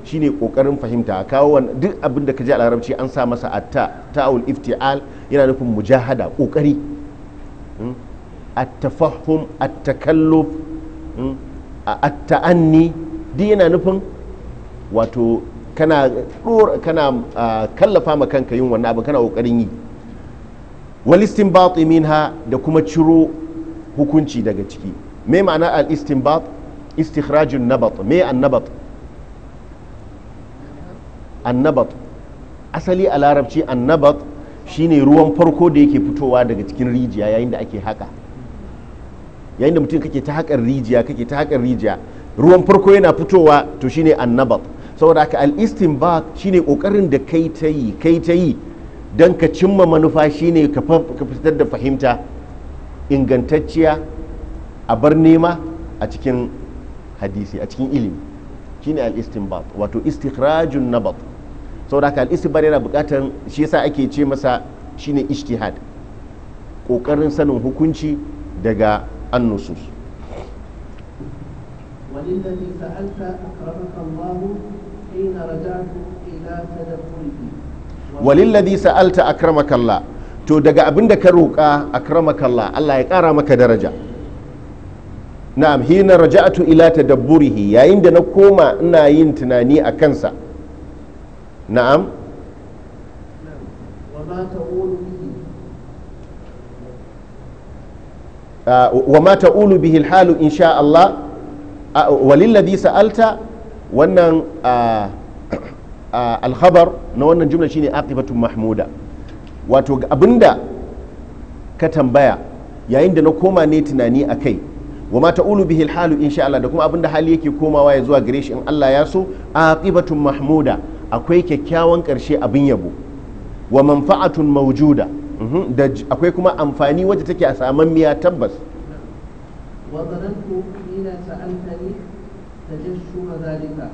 shine kokarin fahimta a kawo duk abin da ka ji a larabci an sa masa atta ta'ul iftial yana nufin mujahada kokari hmm? at-tafahum at-takalluf hmm? at-ta'anni duk yana nufin wato kana kana kallafa ma kanka yin wannan abin kana kokarin yi wal istinbat minha da kuma ciro hukunci daga ciki me ma'ana al istinbat istikhrajun nabat me an nabat annabat asali a larabci annabat shine ruwan farko da yake fitowa daga cikin rijiya yayin da ake haka yayin da mutum kake ta haƙar rijiya kake ta haƙar rijiya ruwan farko yana fitowa to shine annabat saboda haka al-istinbat shine kokarin da kai ta yi kai ta yi don ka cimma manufa shine ka fitar da fahimta ingantacciya a bar nema a cikin hadisi a cikin ilimi shine al-istinbat wato istikhrajun nabat saboda haka al yana bukatar shi yasa ake ce masa shine ishtihad kokarin sanin hukunci daga annusus وللذي sa'alta أكرمك الله to daga abin da ka roƙa akramakallah Allah ya kara maka daraja na'am hina raja'atu ila tadabburihi yayin da na koma ina yin tunani a kansa na'am wa ma ulu bihi alhalu insha Allah ah, walilladhi sa'alta wannan ah, *coughs* ah, alhabar na wannan jumla shine aqibatun mahmuda wato abinda ka tambaya yayin da na koma ne tunani a kai wa ma ulu bihi alhalu insha Allah da kuma abinda hali yake komawa ya zuwa gare shi in Allah ya so aqibatun mahmuda akwai kyakkyawan ƙarshe abin yabo wa manfa'atun maujuda mhm. da akwai kuma amfani wadda take a saman miya tabbas wa zanantu kuma na tajashshuma zalika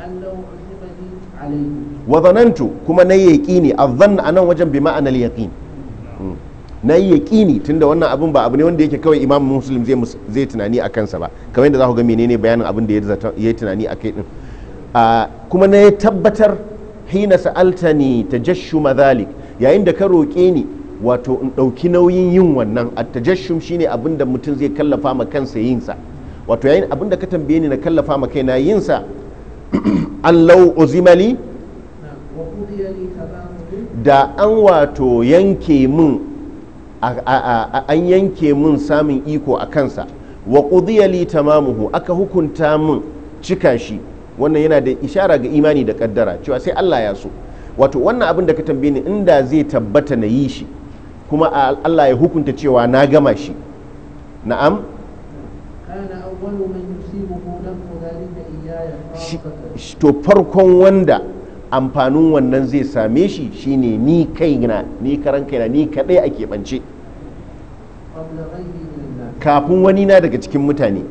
a zan a nan zanantu kuma na yaqini azzanna anan wajen bi ma'ana al hmm. na yi yaƙini tunda wannan abin ba abu ne wanda yake kawai imamu muslim zai tunani a kansa ba kamar yadda za ku ga menene bayanin abin da ya tunani a kai din kuma na ya tabbatar hina ta jashu mazalik yayin da ka roƙe ni wato in ɗauki nauyin yin wannan a ta jashu shi ne abinda mutum zai kallafa ma kansa yin wato yayin abinda ka tambaye ni na kallafa ma kaina yin sa *clears throat* lau uzimali da an wato yanke mun an yanke min samun iko a kansa wa qudiyali tamamuhu aka hukunta mun cika shi wannan yana da ishara ga imani da kaddara cewa sai Allah ya so wato wannan abin da ka tambaye ni inda zai tabbata na yi shi kuma Allah ya hukunta cewa na gama shi na'am to farkon wanda amfanin wannan zai same shi shine ni kaina ni karan kaina ni kadai a keɓance kafin wani na daga cikin mutane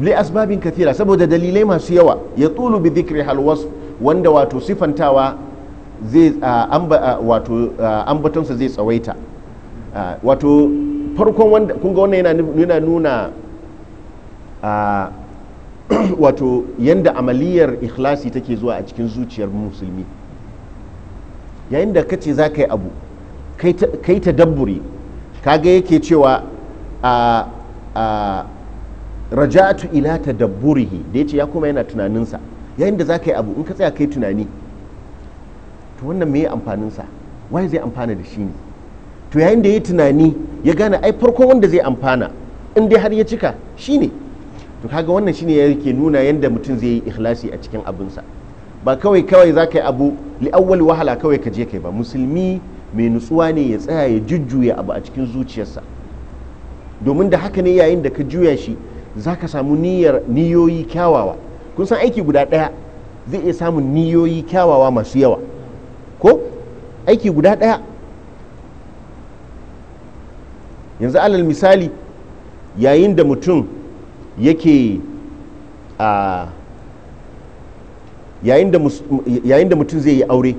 li asbabin kafira saboda dalilai masu yawa ya tsulu bi dhikri hal wasf wanda wato sifantawa zai wato zai tsawaita wato farkon wanda kun yana nuna yanda amaliyar ikhlasi take zuwa a cikin zuciyar musulmi yayin da kace za yi abu kai ta dabburi kaga yake cewa a raja'atu ila tadabburihi da yace ya kuma yana tunaninsa yayin da zaka yi abu in ka tsaya kai tunani to wannan me amfanin sa wai zai amfana da shi ne to yayin da ya tunani ya gane ai farko wanda zai amfana in dai har ya cika shi ne to kaga wannan shine yake nuna yadda mutum zai yi ikhlasi a cikin abinsa ba kawai kawai za ka yi abu li'awwal wahala kawai ka je kai ba musulmi mai nutsuwa ne ya tsaya ya jujjuya abu a cikin zuciyarsa domin da haka ne yayin da ka juya shi za ka samu niyyar niyoyi kyawawa kun san aiki guda ɗaya zai iya samun niyoyi kyawawa masu yawa ko aiki guda ɗaya yanzu alal misali yayin da mutum yake a yayin da mutum zai yi aure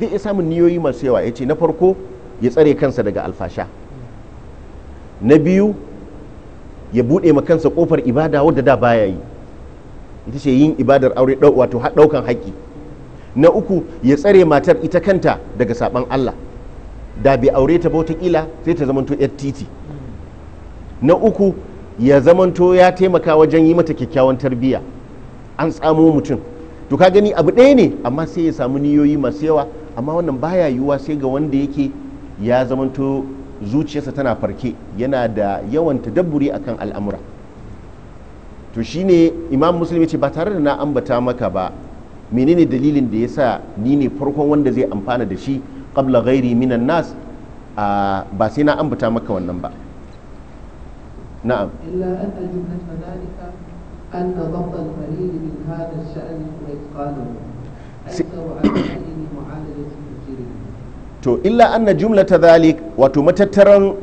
zai iya samun niyoyi masu yawa ya ce na farko ya tsare kansa daga alfasha na biyu ya buɗe ma kansa kofar ibada wadda da baya yi ita ce yin ibadar aure wato ɗaukan haƙƙi na uku ya tsare matar ita kanta daga saɓan Allah da bai aure ta ba sai ta zamanto yar titi na uku ya zamanto ya taimaka wajen yi mata kyakkyawan tarbiyya an tsamo mutum to ka gani abu ɗaya ne amma sai ya samu niyoyi masu yawa amma wannan baya yiwuwa sai ga wanda yake ya zamanto zuciyarsa tana farke yana da yawan tadabburi akan al'amura to shine imam muslim ya ce ba tare da na ambata maka ba menene dalilin da yasa ni ne farkon wanda zai amfana da shi qabla ghairi minan nas ba sai na ambata maka wannan ba na'am illa an aljumlata dalika an nadhaba al-qalil min hadha al shan wa to illa anna jumlata zalik wato matattaran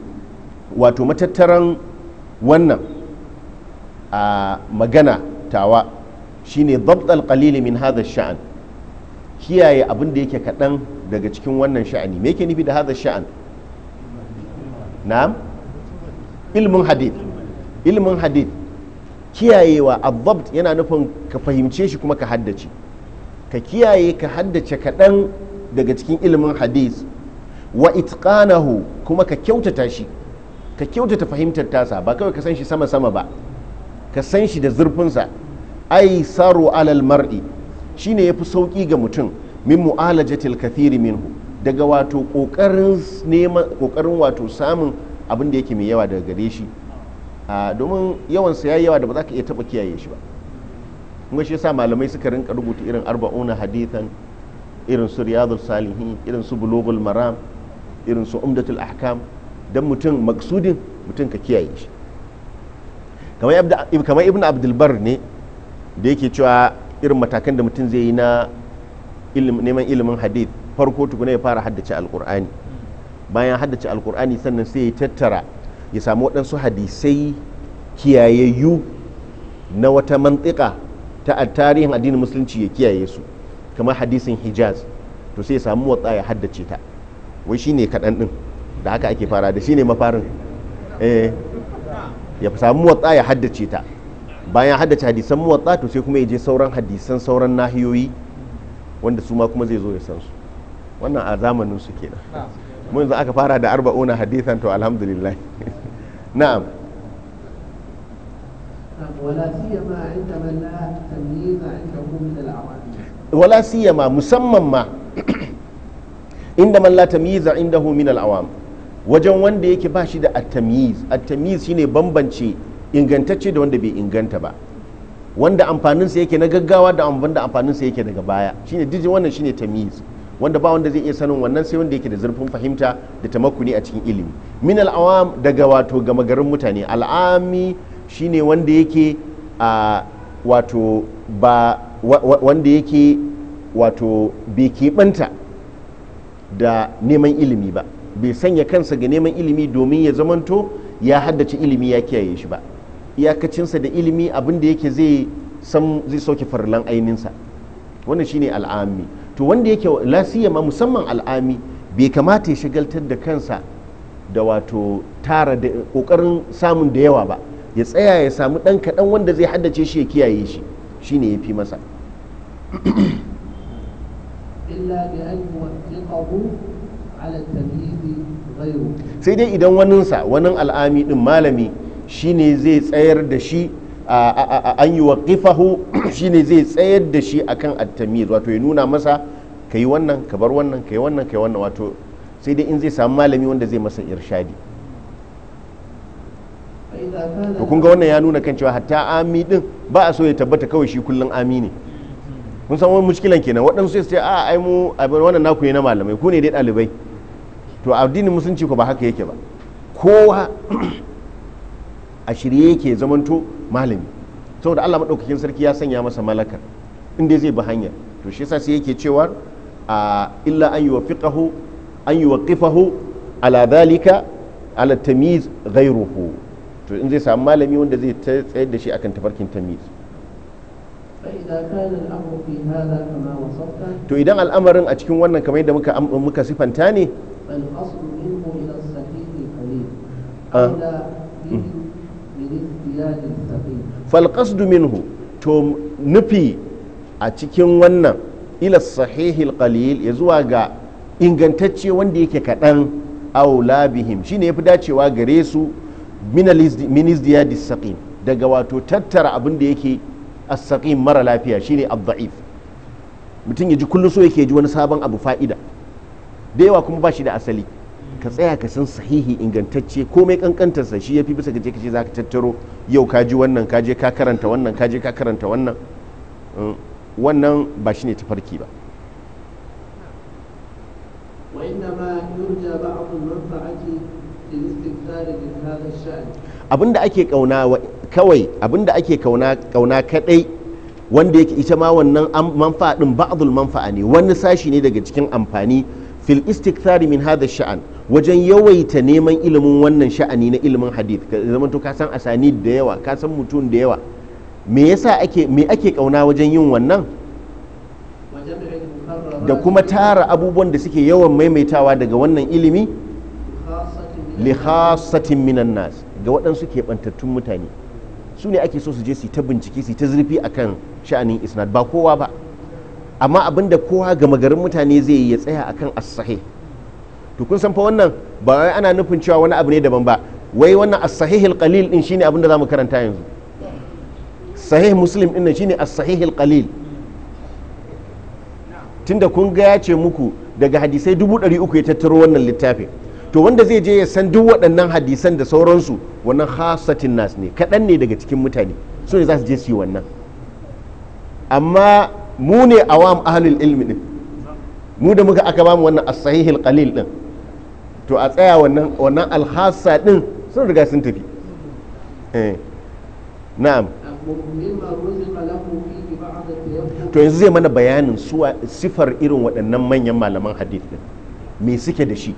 *coughs* wato matattaran wannan a magana tawa shine dabdal al min hadha shan kiyaye abin da yake kaɗan daga cikin wannan sha'ani me yake nufi da hadha sha'an na'am ilmin hadith ilmin hadith kiyayewa adabt yana nufin ka fahimce shi kuma ka haddace ka kiyaye ka haddace kaɗan daga cikin ilimin hadith wa itqanahu kuma ka kyautata shi ka kyautata fahimtar tasa ba kawai ka san shi sama sama ba ka san shi da zurfinsa ai saro alal mar'i shine yafi sauki ga mutum min mu'alajatil kathiri minhu daga wato kokarin neman kokarin wato samun abin da yake mai yawa daga gare shi domin yawan sa yayi yawa da ba za ka iya taba kiyaye shi ba kuma shi yasa malamai suka rinka rubuta irin arba'una hadithan irin su riyadul salihin irin su bulughul maram irin su umdatul ahkam dan mutum maksudin mutum ka kiyaye shi kamar ibn abdulbar ne da yake cewa irin matakan da mutum zai yi na neman ilimin hadith farko tukuna ya fara haddace alkur'ani bayan haddace alkur'ani sannan sai ya tattara ya samu waɗansu hadisai kiyayayyu na wata mantika ta tarihin addinin musulunci ya kiyaye su kamar hadisin hijaz to sai ya samu watsa ya haddace ta wai shine kaɗan ɗin da haka ake fara da shine mafarin eh ya samu watsa ya haddace ta bayan haddace hadisan watsa to sai kuma ya je sauran hadisan sauran nahiyoyi wanda su ma kuma zai zo ya san su wannan a zamanin su kenan mun yanzu aka fara da arba'una hadisan to alhamdulillah *laughs* na'am ولا سيما عندما لا تمييز عنده من العوام wala siyama musamman ma *clears throat* inda man la tamyiza indahu min al-awam wajen wanda yake ba shi da at-tamyiz at-tamyiz shine bambance ingantacce da wanda bai inganta ba wanda amfanin sa yake na gaggawa da wanda sa yake daga baya shine dijin wannan shine tamyiz wanda ba wanda zai iya sanin wannan sai wanda yake da zurfin fahimta da tamakkuni a cikin ilimi min al'awam daga wato gama garin mutane al-ami shine wanda yake a wato ba wanda yake wato bai keɓanta da neman ilimi ba bai sanya kansa ga neman ilimi domin ya zamanto ya haddace ilimi ya kiyaye shi ba iyakacinsa da ilimi abinda yake zai san zai sauke farlan aininsa wannan shine al'ami to wanda yake ma musamman al'ami bai kamata ya shagaltar da kansa da wato tara da kokarin samun da yawa ba ya tsaya ya samu dan kaɗan wanda zai haddace shi ya kiyaye shi shine ya fi masa إلا بأن يوثقه على التمييز غيره sai dai idan ونن الآمي المالمي شيني زي سير zai tsayar da shi زي سير دشي shine zai tsayar da shi كي at كبر wato ya nuna masa ka yi wannan ka bar wannan ka yi wannan ka yi wannan wanda zai masa to kun ga wannan ya nuna kan cewa hatta ami din ba a so ya tabbata kawai shi kullum amini. mun san wani mushkilan kenan waɗansu sai su a ai mu wannan naku ne na malamai ku ne dai ɗalibai to addinin musulunci ko ba haka yake ba kowa a shirye yake zamanto malami saboda Allah maɗaukakin sarki ya sanya masa malakar inda zai bi hanya to shi yasa sai yake cewa a illa an yuwaffiqahu an yuwaqqifahu ala dalika ala tamyiz ghayruhu to in zai samu malami wanda zai tsayar da shi akan tafarkin tamyiz to idan al'amarin a cikin wannan kamar yadda muka muka sifanta ne falqasdu minhu to nufi a cikin wannan ila sahihil qalil ya zuwa ga ingantacce wanda yake kaɗan aula bihim shine yafi dacewa gare su min izdiyadis saqim daga wato tattara abin da yake as-saqim mara lafiya shine ad-da'if mutum ya ji kullum so yake ji wani sabon abu fa'ida da yawa kuma ba shi da asali ka tsaya ka san sahihi ingantacce komai kankantarsa shi yafi bisa gaje kace zaka tattaro yau ka ji wannan ka je ka karanta wannan ka je ka karanta wannan mm, wannan ba shine tafarki ba abinda ake kauna kawai abinda ake kauna kauna kadai wanda yake ita ma wannan manfa'a din ba'dul manfa'a ne wani sashi ne daga cikin amfani fil istikthari min hadha sha'an wajen yawaita neman ilimin wannan sha'ani na ilimin hadith ka zama to ka san asani da yawa ka san mutum da yawa me yasa ake me ake kauna wajen yin wannan da kuma tara abubuwan da suke yawan maimaitawa daga wannan ilimi li khassatin minan nas ga waɗansu keɓantattun mutane su ne ake so su je su ta bincike su ta zurfi akan sha'anin isnad ba kowa ba amma abin da kowa gama garin mutane zai yi ya tsaya akan kan asahe to kun san fa wannan ba wai ana nufin cewa wani abu ne daban ba wai wannan asahe sahihul qalil din shine abin da mu karanta yanzu sahih muslim din shine asahe sahihil qalil tunda kun ga ya ce muku daga hadisai dubu uku ya tattaro wannan littafin to wanda zai je ya san duk waɗannan hadisan da sauransu wannan hasatin nas ne kaɗan ne daga cikin mutane su ne za su je su yi wannan amma mu ne awam ahlul ilmi din mu da muka aka bamu wannan as-sahihil qalil din to a tsaya wannan wannan din sun riga sun tafi eh na'am to yanzu zai mana bayanin sifar irin waɗannan manyan malaman hadith din me suke da shi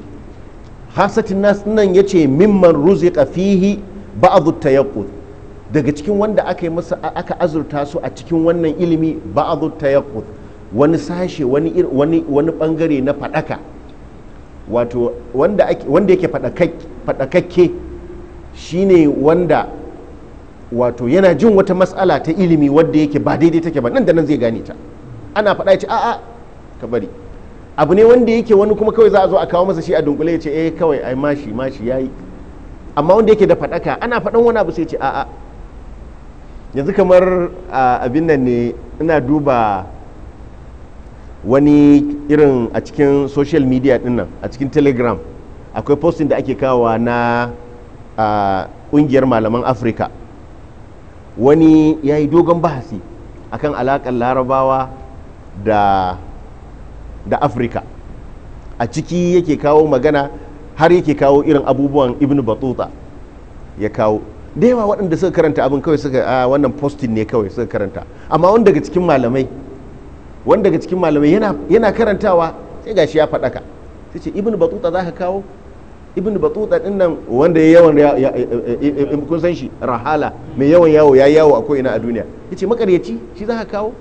hasatin nas nan ya ce mimman ruziqa fihi ba'dhu tayaqqud daga cikin wanda aka yi masa aka azurta su a cikin wannan ilimi ba'dhu tayaqqud wani sashe wani wani wani bangare na fadaka wato wanda wanda yake fadakakke shine wanda wato yana jin wata matsala ta ilimi wadda yake ba daidai take ba nan da nan zai gane ta ana faɗa ya ce a'a ka bari abu ne wanda yake wani kuma kawai za a zo a kawo masa shi a dunkule ya ce eh kawai ai mashi mashi yayi amma wanda yake da fadaka ana fadan wani abu sai ce a'a yanzu kamar abin nan ne ina duba wani irin a cikin social media din nan a cikin telegram akwai posting da ake kawowa na kungiyar malaman afirka wani ya yi dogon bahasi akan alakan larabawa da da afirka a ciki yake kawo magana har yake kawo irin abubuwan ibn batuta ya kawo da yawa waɗanda suka karanta abin kawai suka a ah, wannan postin ne kawai suka karanta amma wani daga cikin malamai wani daga cikin malamai yana karantawa sai gashi ya faɗaka sai ce ibn batuta za ka kawo ibn batuta din nan wanda ya yawan kun san shi rahala mai yawan yawo ya yawo a ko'ina a duniya ya ce makaryaci shi za ka kawo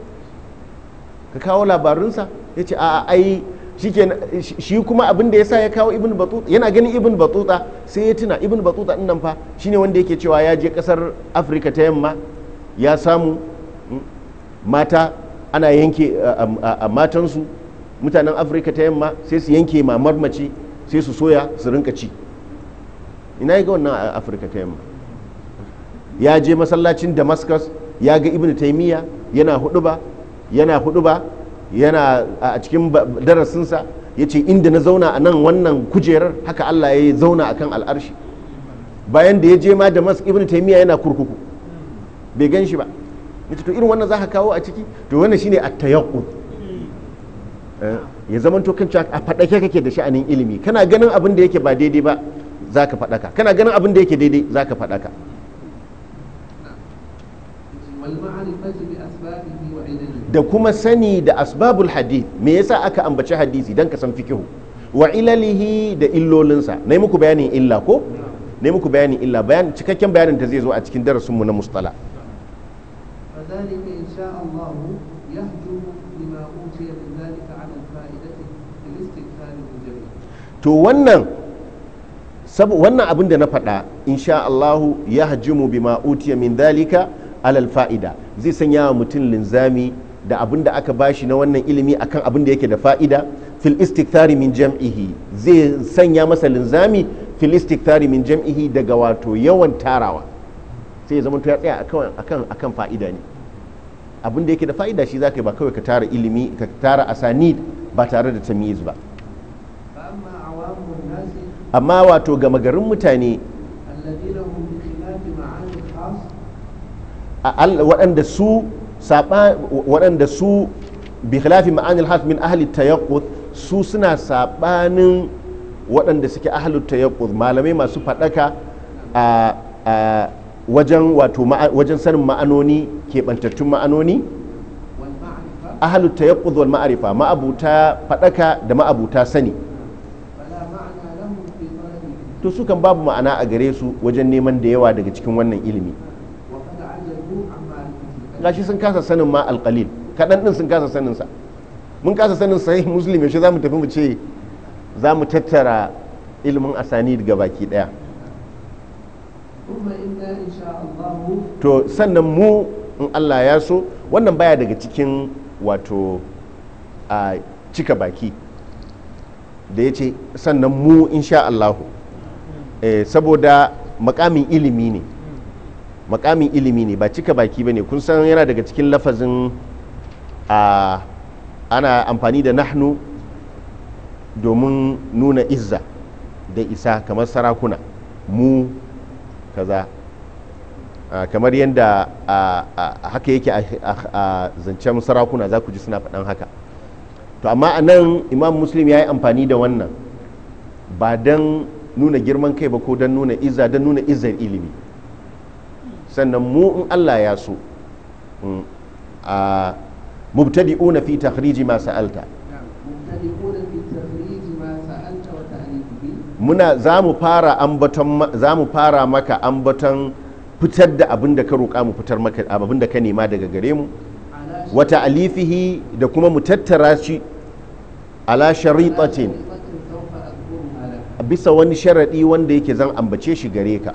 ka kawo labarinsa ya ce a ai shi kuma abin da ya sa ya kawo ibn batuta yana ganin ibn batuta sai ya tuna ibn batuta din nan fa shine wanda yake cewa ya je kasar afirka ta yamma ya samu hmm, mata ana yanke a matansu mutanen afirka ta yamma sai su yanke mamar mace sai su soya su rinka ci ina ya ga wannan a afirka ta yamma ya je masallacin damascus ya ga ibn taimiyya yana hudu yana hudu ba yana a cikin darasinsa ya ce inda na zauna a nan wannan kujerar haka Allah ya zauna a kan al'arshi bayan da ya je ma da mas ibn taimiyya yana kurkuku bai gan shi ba ya to irin wannan za ka kawo a ciki to wannan shine a tayakku eh, ya zama to kan a faɗake kake da sha'anin ilimi kana ganin abin da yake ba daidai ba za ka faɗaka kana ganin abin da yake daidai za ka faɗaka da kuma sani da asbabul hadith me yasa aka ambaci hadisi dan ka san fikihu wa ilalihi da illolinsa na muku bayanin illa ko na muku bayanin illa bayan cikakken bayanin ta zai zo a cikin darasinmu na mustala to wannan wannan abin da na faɗa insha Allahu ya hajjimu bima utiya min dalika alal fa'ida zai sanya wa mutum linzami da abin da aka bashi na wannan ilimi akan abin da yake da fa'ida fil istikthari min jam'ihi zai sanya masa linzami fil istikthari min jam'ihi daga wato yawan tarawa sai ya zama ya tsaya akan akan fa'ida ne abin da yake da fa'ida shi zaka yi ba kawai ka tara ilimi ka tara asanid ba tare da tamyiz ba amma wato gama garin mutane a waɗanda su waɗanda su bi khilafi ma'anil haq min ahli tayaqqud su suna sabanin waɗanda suke ahli tayaqqud malamai masu faɗaka a wajen wato wajen sanin ma'anoni keɓantattun ma'anoni ahli tayaqqud wal ma'arifa ma'abuta faɗaka da ma'abuta sani to su kan babu ma'ana a gare su wajen neman da yawa daga cikin wannan ilimi gashi sun kasa sanin ma alƙalil kaɗan ɗin sun kasa sanin sa mun kasa sanin sahih muslim yaushe za mu tafi mu ce za mu tattara ilimin asani daga baki ɗaya to sannan mu in Allah ya so wannan baya daga cikin wato a cika baki da ya ce sannan mu insha Allahu eh, saboda makamin ilimi ne makamin ilimi ne ba cika baki ba ne kun san yana daga cikin lafazin ana amfani da nahnu domin nuna izza da isa kamar sarakuna mu kaza kamar yadda haka yake a zancen sarakuna za ku ji suna faɗan haka to amma a nan imam muslim ya yi amfani da wannan ba don nuna girman kai ba ko don nuna izza don nuna izzar ilimi sannan mu in Allah ya so hmm, a una fi takhriji ma sa'alta muna za mu fara ambaton za fara maka ambaton fitar da abin da ka roƙa mu fitar maka abin ka nema daga gare mu wata alifihi da kuma mu tattara shi ala sharitatin bisa wani sharaɗi wanda yake zan ambace shi gare ka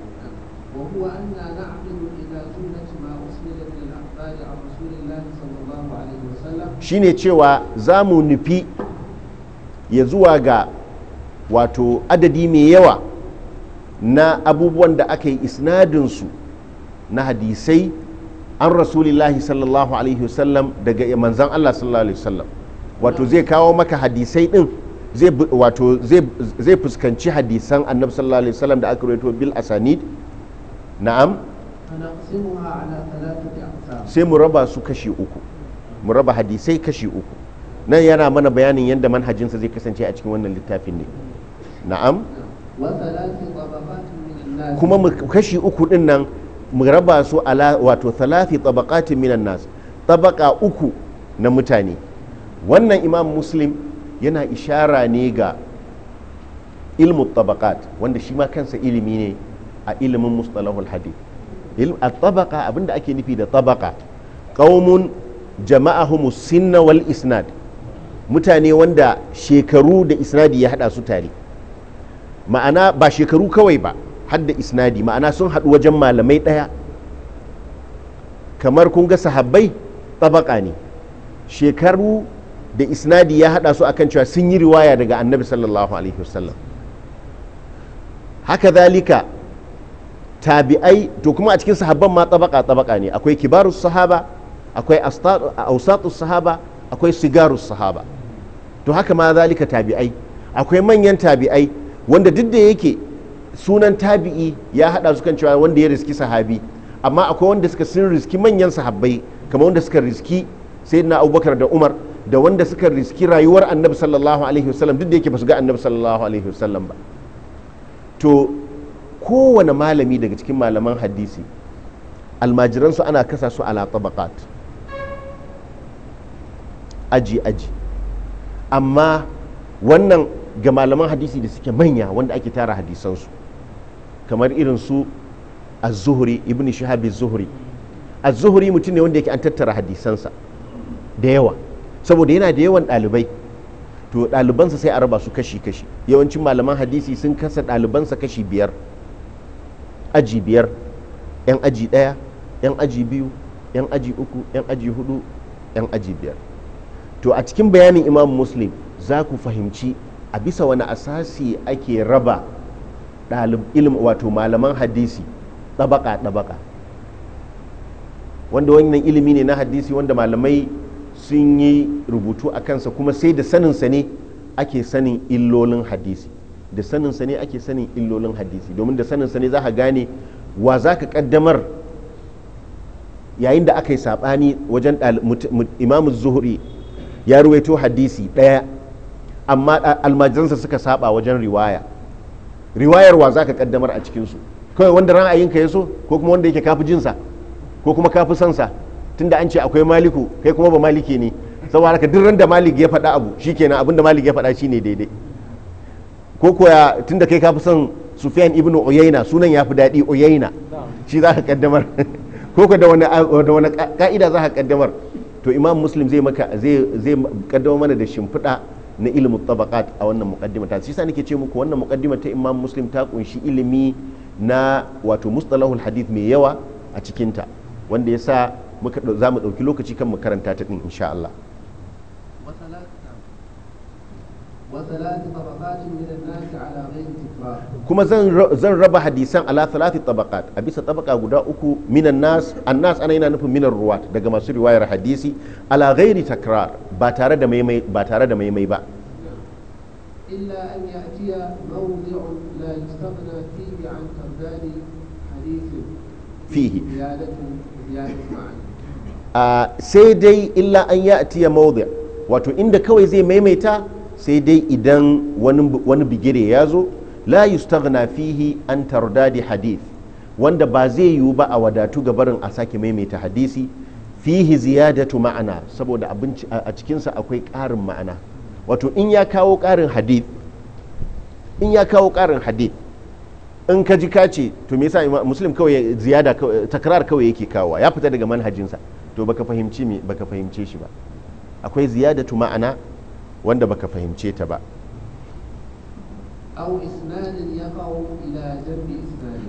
shine cewa za mu nufi ya zuwa ga wato adadi mai yawa na abubuwan da aka yi isnadinsu na hadisai an rasulillahi sallallahu alaihi wasallam daga manzan Allah sallallahu alaihi wasallam wato zai kawo maka hadisai din wato zai fuskanci hadisan annab sallallahu alaihi wasallam da aka rawaito bil asanid na'am sai mu raba su kashi uku mu raba hadisai kashi uku nan yana mana bayanin yadda manhajinsa zai kasance a cikin wannan littafin ne na'am kuma kashi uku din nan mu raba su ala wato thalathi tabaqatin minan nas tabaka uku na mutane wannan imam muslim yana ishara ne ga ilmu tabaqat wanda shi ma kansa ilimi ne a ilimin mustalahul hadith a tabaqa abinda ake nufi da tabaqa qaumun jama'ahumus sinna wal isnad mutane wanda shekaru da isnadi ya hada su tare ma'ana ba shekaru kawai ba hadda isnadi ma'ana sun haɗu wajen malamai ɗaya kamar kun ga sahabbai tabaka ne shekaru da isnadi ya hada su akan cewa sun yi riwaya daga annabi sallallahu alaihi wasallam haka zalika tabi'ai to kuma a cikin sahabban ma tabaka tabaka ne akwai kibarus sahaba akwai ausatus sahaba akwai sigarus sahaba to haka ma zalika tabi'ai akwai manyan tabi'ai wanda duk da yake sunan tabi'i ya hada su kan cewa wanda ya riski sahabi amma akwai wanda suka sun riski manyan sahabbai kamar wanda suka riski sayyidina abubakar da umar da wanda suka riski rayuwar annabi sallallahu alaihi wasallam duk da yake ba su ga annabi sallallahu alaihi wasallam ba to kowane malami daga cikin malaman hadisi almajiransu ana kasa su ala tabaqat aji aji amma wannan ga malaman hadisi da suke manya wanda ake tara hadisansu kamar irin su az-zuhri ibn shihab az-zuhri mutum ne wanda yake an tattara hadisansa da yawa saboda yana da yawan dalibai to dalibansa sai a raba su kashi-kashi yawancin malaman hadisi sun kasa dalibansa kashi biyar aji biyar 'yan aji daya 'yan aji biyu 'yan aji uku 'yan aji hudu 'yan aji biyar to a cikin bayanin imam muslim za ku fahimci a bisa wani asasi ake raba ilm wato malaman hadisi ɗabaka ɗabaka wanda wannan ilimi ne na hadisi wanda malamai sun yi rubutu a kansa kuma sai da saninsa ne ake sanin illolin hadisi da saninsa ne ake sanin illolin hadisi domin da saninsa ne za ka gane wa za ka kaddamar yayin da aka yi saɓani wajen imamu zuhuri ya ruwaito hadisi ɗaya amma almajiransa suka saba wajen riwaya riwayar wa ka kaddamar a cikinsu kawai wanda ra'ayinka ya so ko kuma wanda yake kafi jinsa ko kuma kafi sansa tunda an ce akwai maliku kai kuma ba maliki ne saboda haka duk da malik ya faɗa abu shikenan abin da malik ya faɗa shine daidai ko koya tunda kai kafi son sufyan ibnu uyaina sunan ya fi daɗi uyaina shi za ka kaddamar *laughs* ko da wani ka'ida za ka kaddamar to imam muslim zai maka zai kaddama mana da shimfiɗa na ilimin tabaqat a wannan muqaddima ta shi sa nake ce muku wannan muqaddima ta imam muslim ta kunshi ilimi na wato mustalahul hadith mai yawa a cikinta wanda yasa muka za mu ɗauki lokaci kan mu karanta ta din insha Allah kuma zan raba hadisan ala salati tabakat a bisa tabaka guda uku minan nas an nas ana yana nufin minan ruwat daga masu riwayar hadisi ala ghairi takrar ba tare da maimai ba tare da maimai ba illa an ya'tiya mawdi'un la yastaghna fihi an fihi sai dai illa an ya'tiya mawdi' wato inda kawai zai maimaita sai dai idan wani bigire ya zo la yustaghna fihi an tardadi hadith wanda ba zai yiwu ba a wadatu gabarin a sake maimaita hadisi fihi ziyadatu ma'ana saboda a cikinsa akwai ƙarin ma'ana wato in ya kawo ƙarin hadith in ya kawo ƙarin hadith in ka ji ka ce to me yasa muslim kawai ziyada takrar kawai yake kawo ya fita daga manhajinsa to baka fahimci me baka fahimce shi ba akwai ziyadatu ma'ana wanda baka fahimce ta ba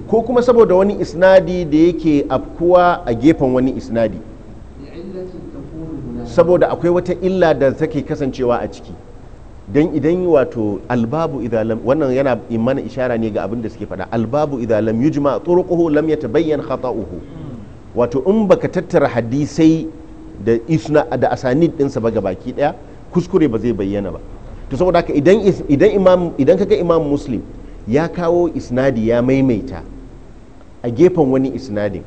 ko kuma saboda wani isnadi da yake afkuwa a gefen wani isnadi saboda akwai wata illa da take kasancewa a ciki don idan yi wato albabu idalam wannan yana mana ishara ne ga abin da suke faɗa albabu idalam yujma turuquhu lam yatabayyan uku wato in baka tattara hadisai da isna asanid ɗinsa ba gabaki ɗaya kuskure ba zai bayyana ba to saboda haka idan idan imam idan kaga imam muslim ya kawo isnadi ya maimaita a gefen wani isnadin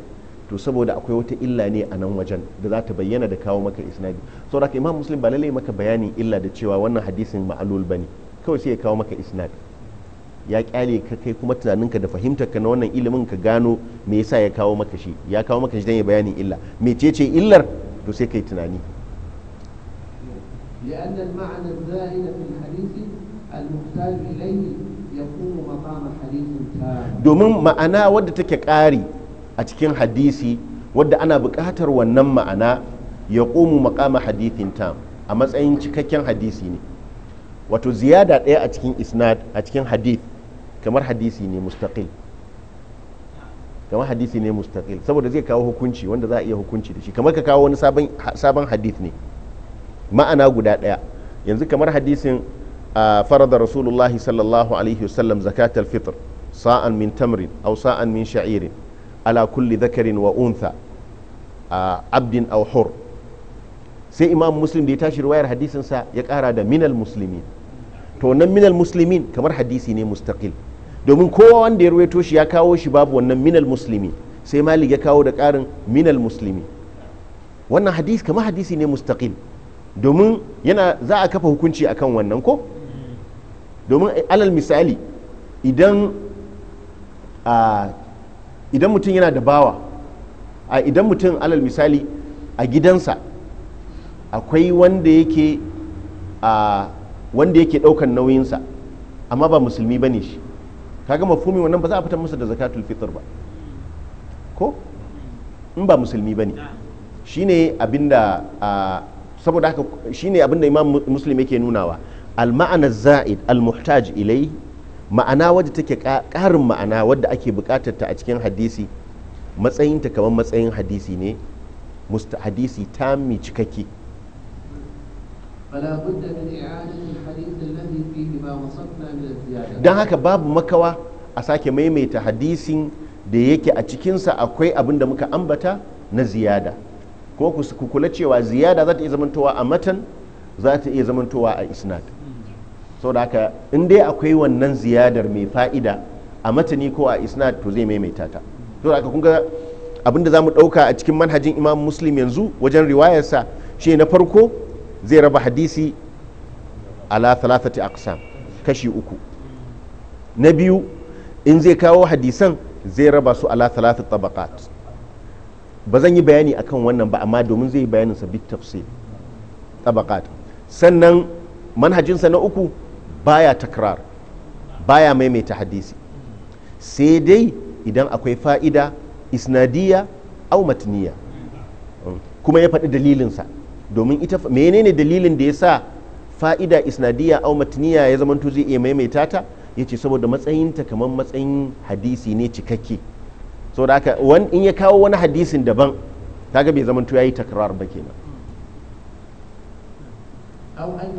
to saboda akwai wata illa ne a nan wajen da za ta bayyana da kawo maka isnadi saboda haka imam muslim ba lallai maka bayanin illa da cewa wannan hadisin ma'alul bane kawai sai ya kawo maka isnadi. ya kyale ka kai kuma tunaninka da fahimtar ka na wannan ilimin ka gano me yasa ya kawo maka shi ya kawo maka shi dan ya bayanin illa mecece illar to sai kai tunani لأن المعنى الزائد في الحديث المحتاج إليه يكون مقام حديث تام دومن معنى wadda take ƙari a cikin hadisi wadda ana buƙatar wannan ma'ana ya ƙomu maƙama hadithin tam a matsayin cikakken ne wato ziyada ɗaya a cikin isnad a cikin hadith kamar hadisi ne mustaqil kamar hadisi ne mustaqil saboda zai kawo hukunci wanda za a iya hukunci da shi kamar ka kawo wani sabon hadith ne ma'ana guda ɗaya yanzu kamar hadisin farada rasulullahi sallallahu alaihi wasallam zakatul fitr sa'an min tamrin aw sa'an min sha'irin ala kulli dhakarin wa untha abdin aw hur sai imam muslim da ya tashi riwayar hadisin sa ya kara da minal muslimin to nan minal muslimin kamar hadisi ne mustaqil domin kowa wanda ya ruwaito shi ya kawo shi babu wannan minal muslimin sai malik ya kawo da karin minal muslimin wannan hadisi kamar hadisi ne mustaqil domin yana za a kafa hukunci akan wannan ko domin eh, alal misali idan idan mutum yana da bawa a idan mutum alal misali a gidansa akwai wanda yake a wanda yake daukan nauyinsa amma ba musulmi bane shi kaga mafumi wannan ba za a fitar masa da zakatul fitr ba ko in ba musulmi bane shine shi ne abinda saboda haka shine abin da imam muslim yake nunawa al ma'ana za'id al muhtaj ilai ma'ana wadda take ƙarin ma'ana wadda ake bukatar ta a cikin hadisi matsayin ta kamar matsayin hadisi ne musta hadisi ta mi cikakke don haka babu makawa a sake maimaita hadisin da yake a cikinsa akwai abin da muka ambata na ziyada ko ku kula cewa ziyada za ta iya zamantowa a matan za ta iya zamantowa a isnad saboda haka in dai akwai wannan ziyadar mai fa'ida a matani ko a isnad to zai maimaita ta saboda haka kun ga abin da zamu dauka a cikin manhajin imam muslim yanzu wajen riwayarsa shi na farko zai raba hadisi ala thalathati aqsam kashi uku na biyu in zai kawo hadisan zai raba su ala thalathati tabaqat ba zan yi bayani akan wannan ba amma domin zai yi bayanin sa bit tafsir sannan manhajinsa na uku baya takrar baya maimaita hadisi sai dai idan akwai fa'ida isnadiya au matniya kuma ya faɗi dalilinsa domin ita menene dalilin da ya sa fa'ida isnadiya au matniya ya zamanto zai iya maimaita ta ya ce saboda matsayinta kamar matsayin hadisi ne cikakke so da in ya kawo wani hadisin daban kaga bai zamanto yayi takrar ba kenan أو أن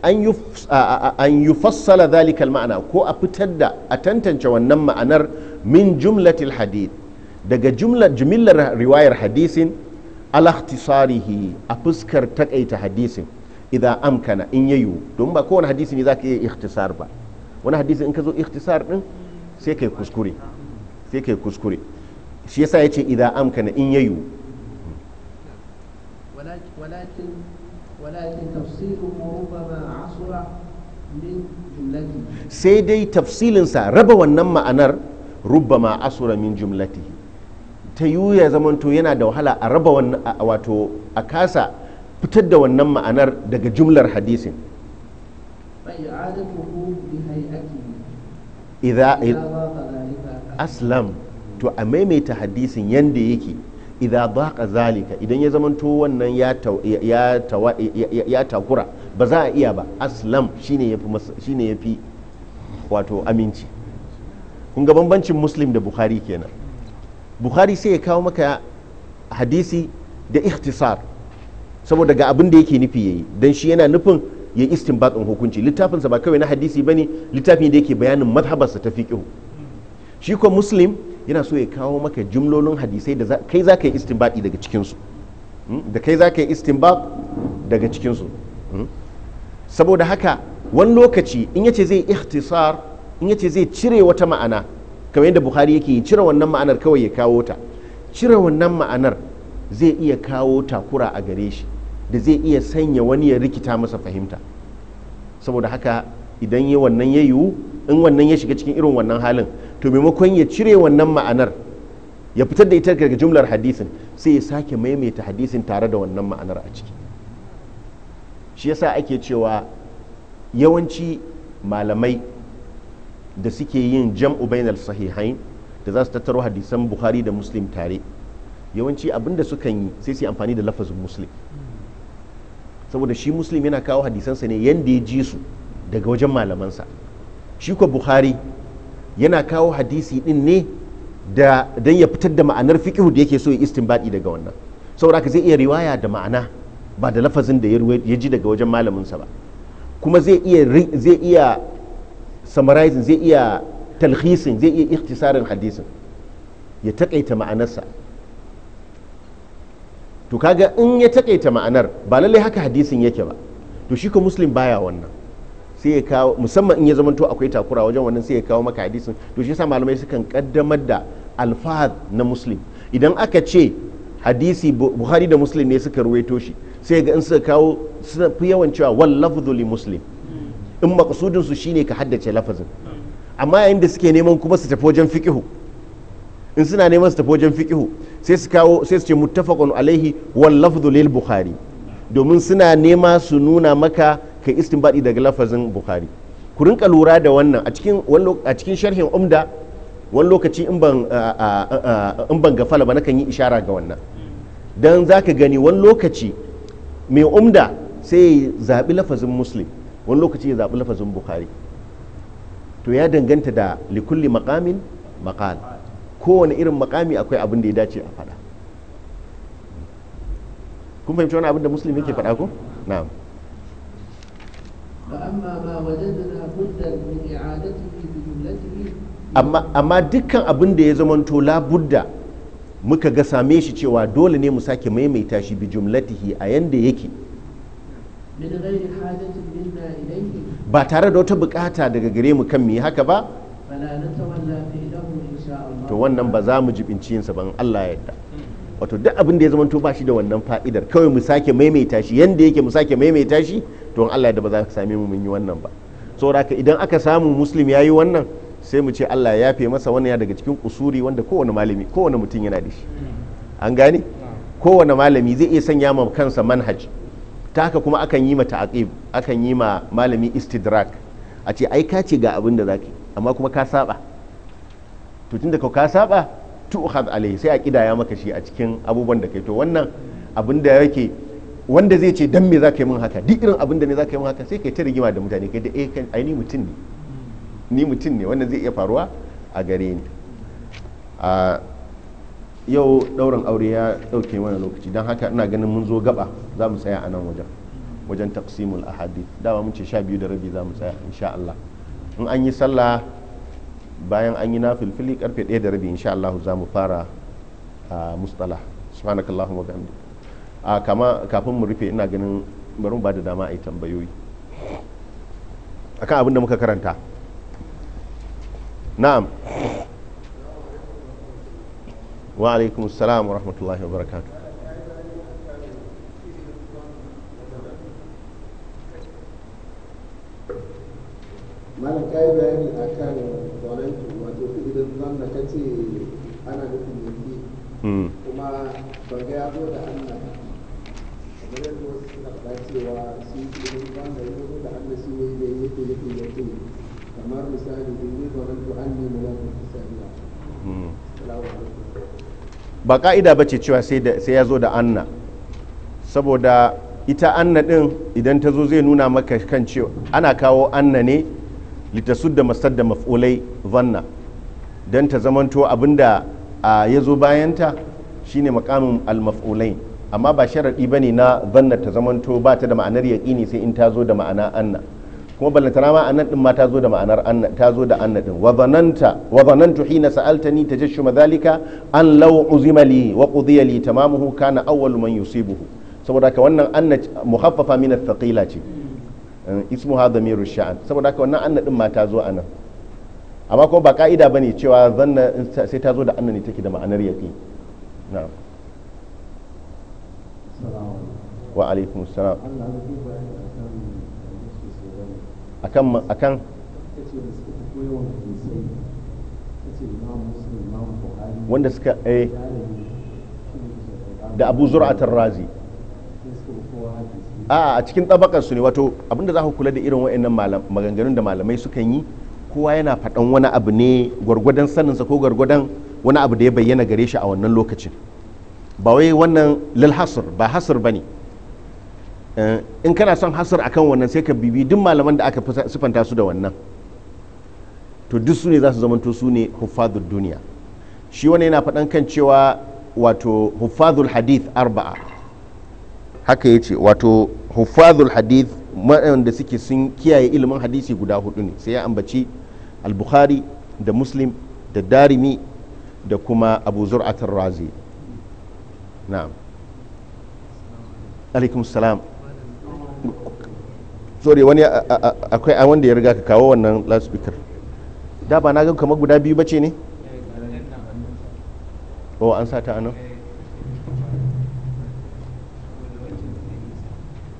an yi fassala zalikal ma'ana ko a fitar da a tantance wannan ma'anar min jumlatil hadith daga jumlar riwayar hadisin alaktisarihi a fuskar takaita hadisin idan amkana in ya yiwu domin ba kowane hadisi ne za ka iya ikhtisar ba wani hadisi in ka zo ikhtisar din sai kai kuskure sai kai kuskure shi yasa ya ce idan amkana in ya yiwu sai dai tafsilinsa raba wannan ma'anar ma asura min jumlatihi ta yiwu ya zamanto yana da wahala a raba wannan wato a kasa fitar da wannan ma'anar daga jumlar hadisin aslam to a maimaita hadisin yanda yake idan daqa zalika idan ya zamanto wannan ya takura ba za a iya ba aslam shine yafi wato aminci kun ga bambancin muslim da bukhari kenan bukhari sai ya kawo maka hadisi da ikhtisar saboda ga abin da yake nufi yayi dan shi yana nufin ya yi istinbatin hukunci littafinsa ba kawai na hadisi bane littafin da yake bayanin sa ta fiqh shi ko muslim yana so ya kawo maka jumlolin hadisai da kai za ka yi istinbati daga cikinsu hmm? da kai za ka yi istinbat daga cikinsu hmm? saboda haka wani lokaci in yace zai ikhtisar in yace zai cire wata ma'ana kamar yadda bukhari yake yi cire wannan ma'anar kawai ya kawo ta cire wannan ma'anar zai iya kawo takura a gare shi da zai iya sanya wani ya rikita masa fahimta saboda haka idan ya wannan ya yiwu in wannan ya shiga cikin irin wannan halin to maimakon ya cire wannan ma'anar ya fitar da ita daga jumlar hadisin sai ya sake maimaita hadisin tare da wannan ma'anar a ciki shi yasa ake cewa yawanci malamai da suke yin jam'u bainal sahihain da za su tattaro hadisan bukhari da muslim tare yawanci abin da sukan yi sai su yi amfani da lafazin muslim saboda shi muslim yana kawo hadisansa ne yanda ya ji su daga wajen malamansa shi ko bukhari yana kawo hadisi din ne da dan ya fitar da ma'anar fiqhu da yake so ya istin baɗi daga wannan saboda ka zai iya riwaya da ma'ana ba da lafazin da ya ji daga wajen malaminsa ba kuma zai iya zai iya summarizing zai iya talhisin zai iya ikhtisarin hadisin ya takaita ma'anarsa to kaga in ya takaita ma'anar ba lallai haka hadisin yake ba to shi ko muslim baya wannan sai ya kawo musamman in ya zamanto akwai takura wajen wannan sai ya kawo maka hadisin to shi yasa malamai sukan kaddamar da alfaz na muslim idan aka ce hadisi buhari da muslim ne suka ruwaito shi sai ga in suka kawo suna fi yawan cewa wal lafzu li muslim in maqsudin su shine ka haddace lafazin amma yayin da suke neman kuma su tafi wajen fiqihu in suna neman su tafi wajen fikihu. sai su kawo sai su ce muttafaqun alaihi wal lil bukhari domin suna nema su nuna maka kai istinbadi daga lafazin bukhari ku rinka lura da wannan a cikin sharhin umda wani lokaci in ban in ban gafala ba nakan yi ishara ga wannan dan zaka gani wani lokaci mai umda sai ya zaɓi lafazin muslim wani lokaci ya zaɓi lafazin bukhari to ya danganta da likulli makamin makal kowane irin makami akwai abin da ya dace a faɗa kun fahimci wani abin da musulmi yake faɗa ko na'am amma dukkan abin da ya zamanto labudda muka ga same shi cewa dole ne mu sake maimaita shi bi jumlatihi a yanda yake ba tare da wata bukata daga gare mu kan mu yi haka ba to wannan ba za mu jibinci yinsa ba Allah ya yarda wato duk abin da ya zama to ba shi da wannan fa'idar kawai mu sake maimaita shi yanda yake mu sake maimaita shi to in Allah ya ba za ka same mu mun yi wannan ba saboda idan aka samu muslim ya yi wannan sai mu ce Allah ya yafe masa wannan ya daga cikin kusuri wanda kowane malami kowane mutum yana da shi an gane kowane malami zai iya sanya ma kansa manhaj ta haka kuma akan yi ma aqib akan yi ma malami istidrak a ce ai ka ce ga abin da zaki amma kuma ka saba to da ka saba tu'khad alai sai a ya maka shi a cikin abubuwan da kai to wannan abin da yake wanda zai ce dan me za ka yi min haka duk irin abin da ne ka yi min haka sai kai ta rigima da mutane kai da eh ni mutum ne ni mutum ne wannan zai iya faruwa a gare ni a yau daurin aure ya dauke mana lokaci don haka ina ganin mun zo gaba za mu tsaya a nan wajen wajen taqsimul ahadith dama mun ce sha biyu da rabi za mu tsaya insha Allah in an yi sallah bayan an yi nafilfili karfe 1 da rabi insha Allah za mu fara mustala subhanakallahumma wa bihamdika a kama kafin mu rufe ina ganin bari mu ba da dama a yi tambayoyi akan abin da muka karanta na'am wa alaikum assalam wa rahmatullahi wa barakatuh malam kai bayani akan ba ka'ida ba ce cewa sai ya zo da anna saboda ita anna ɗin idan ta zo zai nuna maka kan cewa ana kawo anna ne litasudda masar da maf'ulai vanna don ta zamanto abinda ya zo bayanta shine makamin al-maf'ulain amma ba sharadi bane na zanna ta zamanto ba ta da ma'anar yaqini sai in ta zo da ma'ana anna kuma ballantana ma annan din ma ta zo da ma'anar anna ta zo da anna din wa zananta wa zanantu hina sa'altani tajashshuma dhalika an law uzima li wa qudiya li tamamuhu kana awwal man yusibuhu saboda ka wannan anna muhaffafa min ath-thaqila ce eh, ismuha dhamiru sha'an saboda ka wannan anna din ma ta zo anan amma kuma ba ka'ida bane cewa zanna sai ta zo da anna ne take da ma'anar yaqini na'am wa wanda suka eh, da abu zur'atar razi a a cikin tabakar su ne wato abinda za ku kula da irin wa'annan maganganun da malamai sukan yi kowa yana faɗan wani abu ne gwargwadon saninsa ko gwargwadon wani abu da ya bayyana gare shi a wannan lokacin ba wai wannan ba hasr ba ne eh, in kana son hasar akan wannan sai ka bibi duk malaman da aka sifanta su da wannan to duk su ne za su zamanto su ne huffazul duniya shi wani yana faɗan kan cewa wato huffazul hadith arba'a haka ya ce wato huffazul hadith waɗanda suke sun kiyaye ilimin hadisi guda hudu ne sai ya ambaci al-bukhari da muslim da darimi da kuma abu zur'atar razi na'am alaikum salam sorry wani akwai a wanda ya riga ka kawo wannan loudspeaker da ba na ga kamar guda biyu bace ne oh an sa ta anan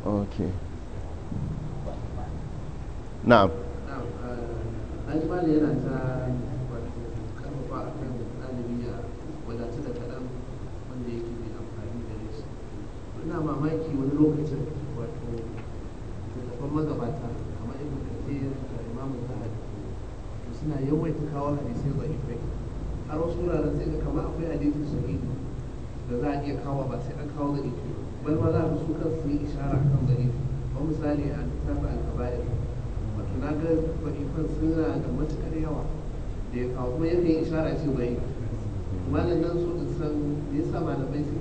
ok na'am na'am eh, yana ta Ana mamaki wani lokacin wato littattafan magabata kamar ibn kathir da imam zahabi to suna yawaita kawo hadisai zaifai har wasu wuraren sai ga kamar akwai hadisi sahihi da za a iya kawo ba sai an kawo zaifi bal ma za a su kan su yi ishara kan gari ba misali a littafin alkabair wato na ga zaifan suna da matukar yawa da ya kawo kuma yakan yi ishara ce zaifi Malamin nan so in san me yasa malamai su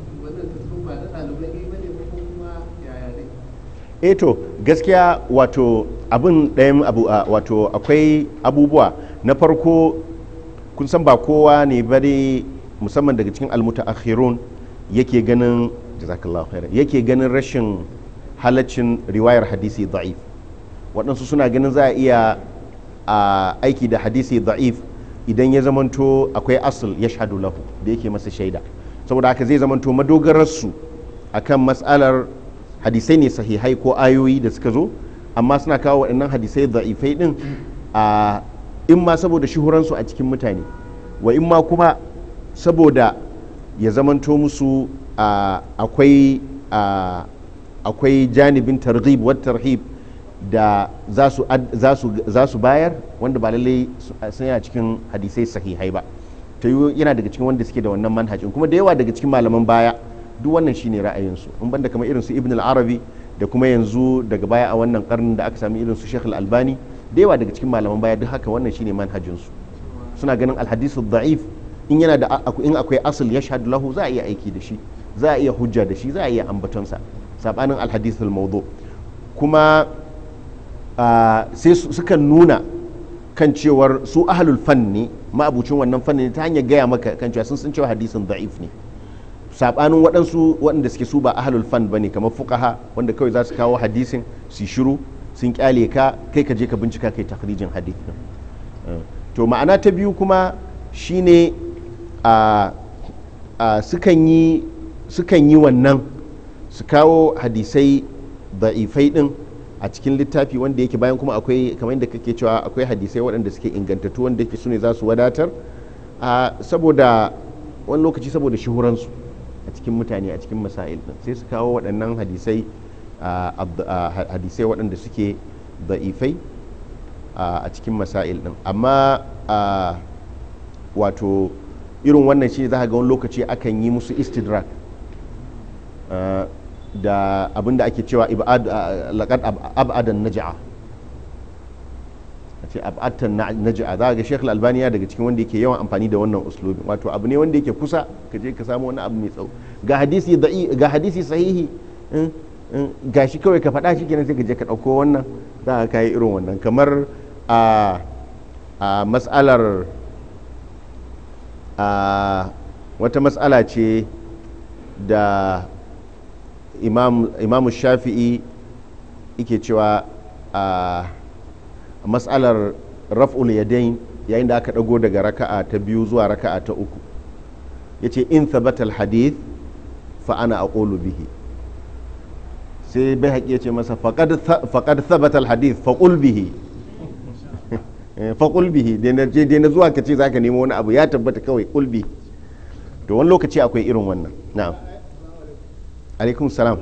e to gaskiya wato abin ɗayan abu wato akwai abubuwa na farko kun san ba kowa ne bari musamman daga cikin almutaakhirun yake ganin yake ganin rashin halaccin riwayar hadisi da'if waɗansu suna ganin za a iya aiki da hadisi da'if idan ya zamanto akwai asl ya shahadu lahu da yake masa shaida saboda haka zai zamanto madogararsu akan matsalar hadisai ne sahihai ko ayoyi da suka zo amma suna kawo waɗannan hadisai za'ifai ɗin a in ma saboda shuhuransu a cikin mutane wa in ma kuma saboda ya zamanto musu akwai akwai janibin targhib wa tarhib da za su bayar wanda ba lallai a cikin hadisai sahihai ba ta yi yana daga cikin wanda suke da wannan manhajin kuma da yawa daga cikin malaman baya duk wannan shine ra'ayinsu in banda kamar irin su ibn al-arabi da kuma yanzu daga baya a wannan karnin da aka sami irin su sheikh albani da yawa daga cikin malaman baya duk haka wannan shine manhajinsu suna ganin alhadisu da'if in yana da in akwai asul ya shahadu lahu za a iya aiki da shi za a iya hujja da shi za a iya ambatonsa sabanin alhadisul mawdu kuma ah, sai sukan nuna kan cewar su ahalul fanni ma'abucin wannan fanni ta hanyar gaya maka kan cewa sun cewa hadisin da'if ne saɓanin waɗansu waɗanda suke su ba ahalul fan ne kamar fukaha wanda kawai za su kawo hadisin su shiru sun kyale ka kai ka je ka bincika kai takhrijin hadisin eh, to ma'ana ta biyu kuma shine a sukan yi sukan yi wannan su kawo hadisai da'ifai din a cikin littafi wanda yake bayan kuma akwai kamar yadda kake cewa akwai hadisai waɗanda suke ingantattu wanda yake su ne za su wadatar saboda wani lokaci saboda shuhuransu a cikin mutane a cikin masail din sai su kawo waɗannan hadisai hadisai waɗanda suke da'ifai a cikin masail din amma wato irin wannan shi za ga wani lokaci akan yi musu istidrak da abin da ake cewa laƙar ab'adan naja'a a ce na naja'a za ga shekul albaniya daga cikin wanda yake yawan amfani da wannan uslubin wato abu ne wanda yake kusa ka je ka samu wani abu mai tsawo ga hadisi sahihi ga shi kawai ka faɗa shi kenan sai ka je ka ɗauko wannan za ka kayi irin wannan kamar a mas'alar wata mas'ala ce da imam shafi'i ike cewa a matsalar raf'ul yadain yayin da aka dago daga raka'a ta biyu zuwa raka'a ta uku ya ce in thabatal hadith fa ana aqulu bihi sai bai haƙi ya ce masa faƙad thabatal hadith faƙul bihi *laughs* eh, faƙul bihi da na zuwa ka ce za ka nemo wani abu ya tabbata kawai ƙulbi to wani lokaci akwai irin wannan na'am alaikum salam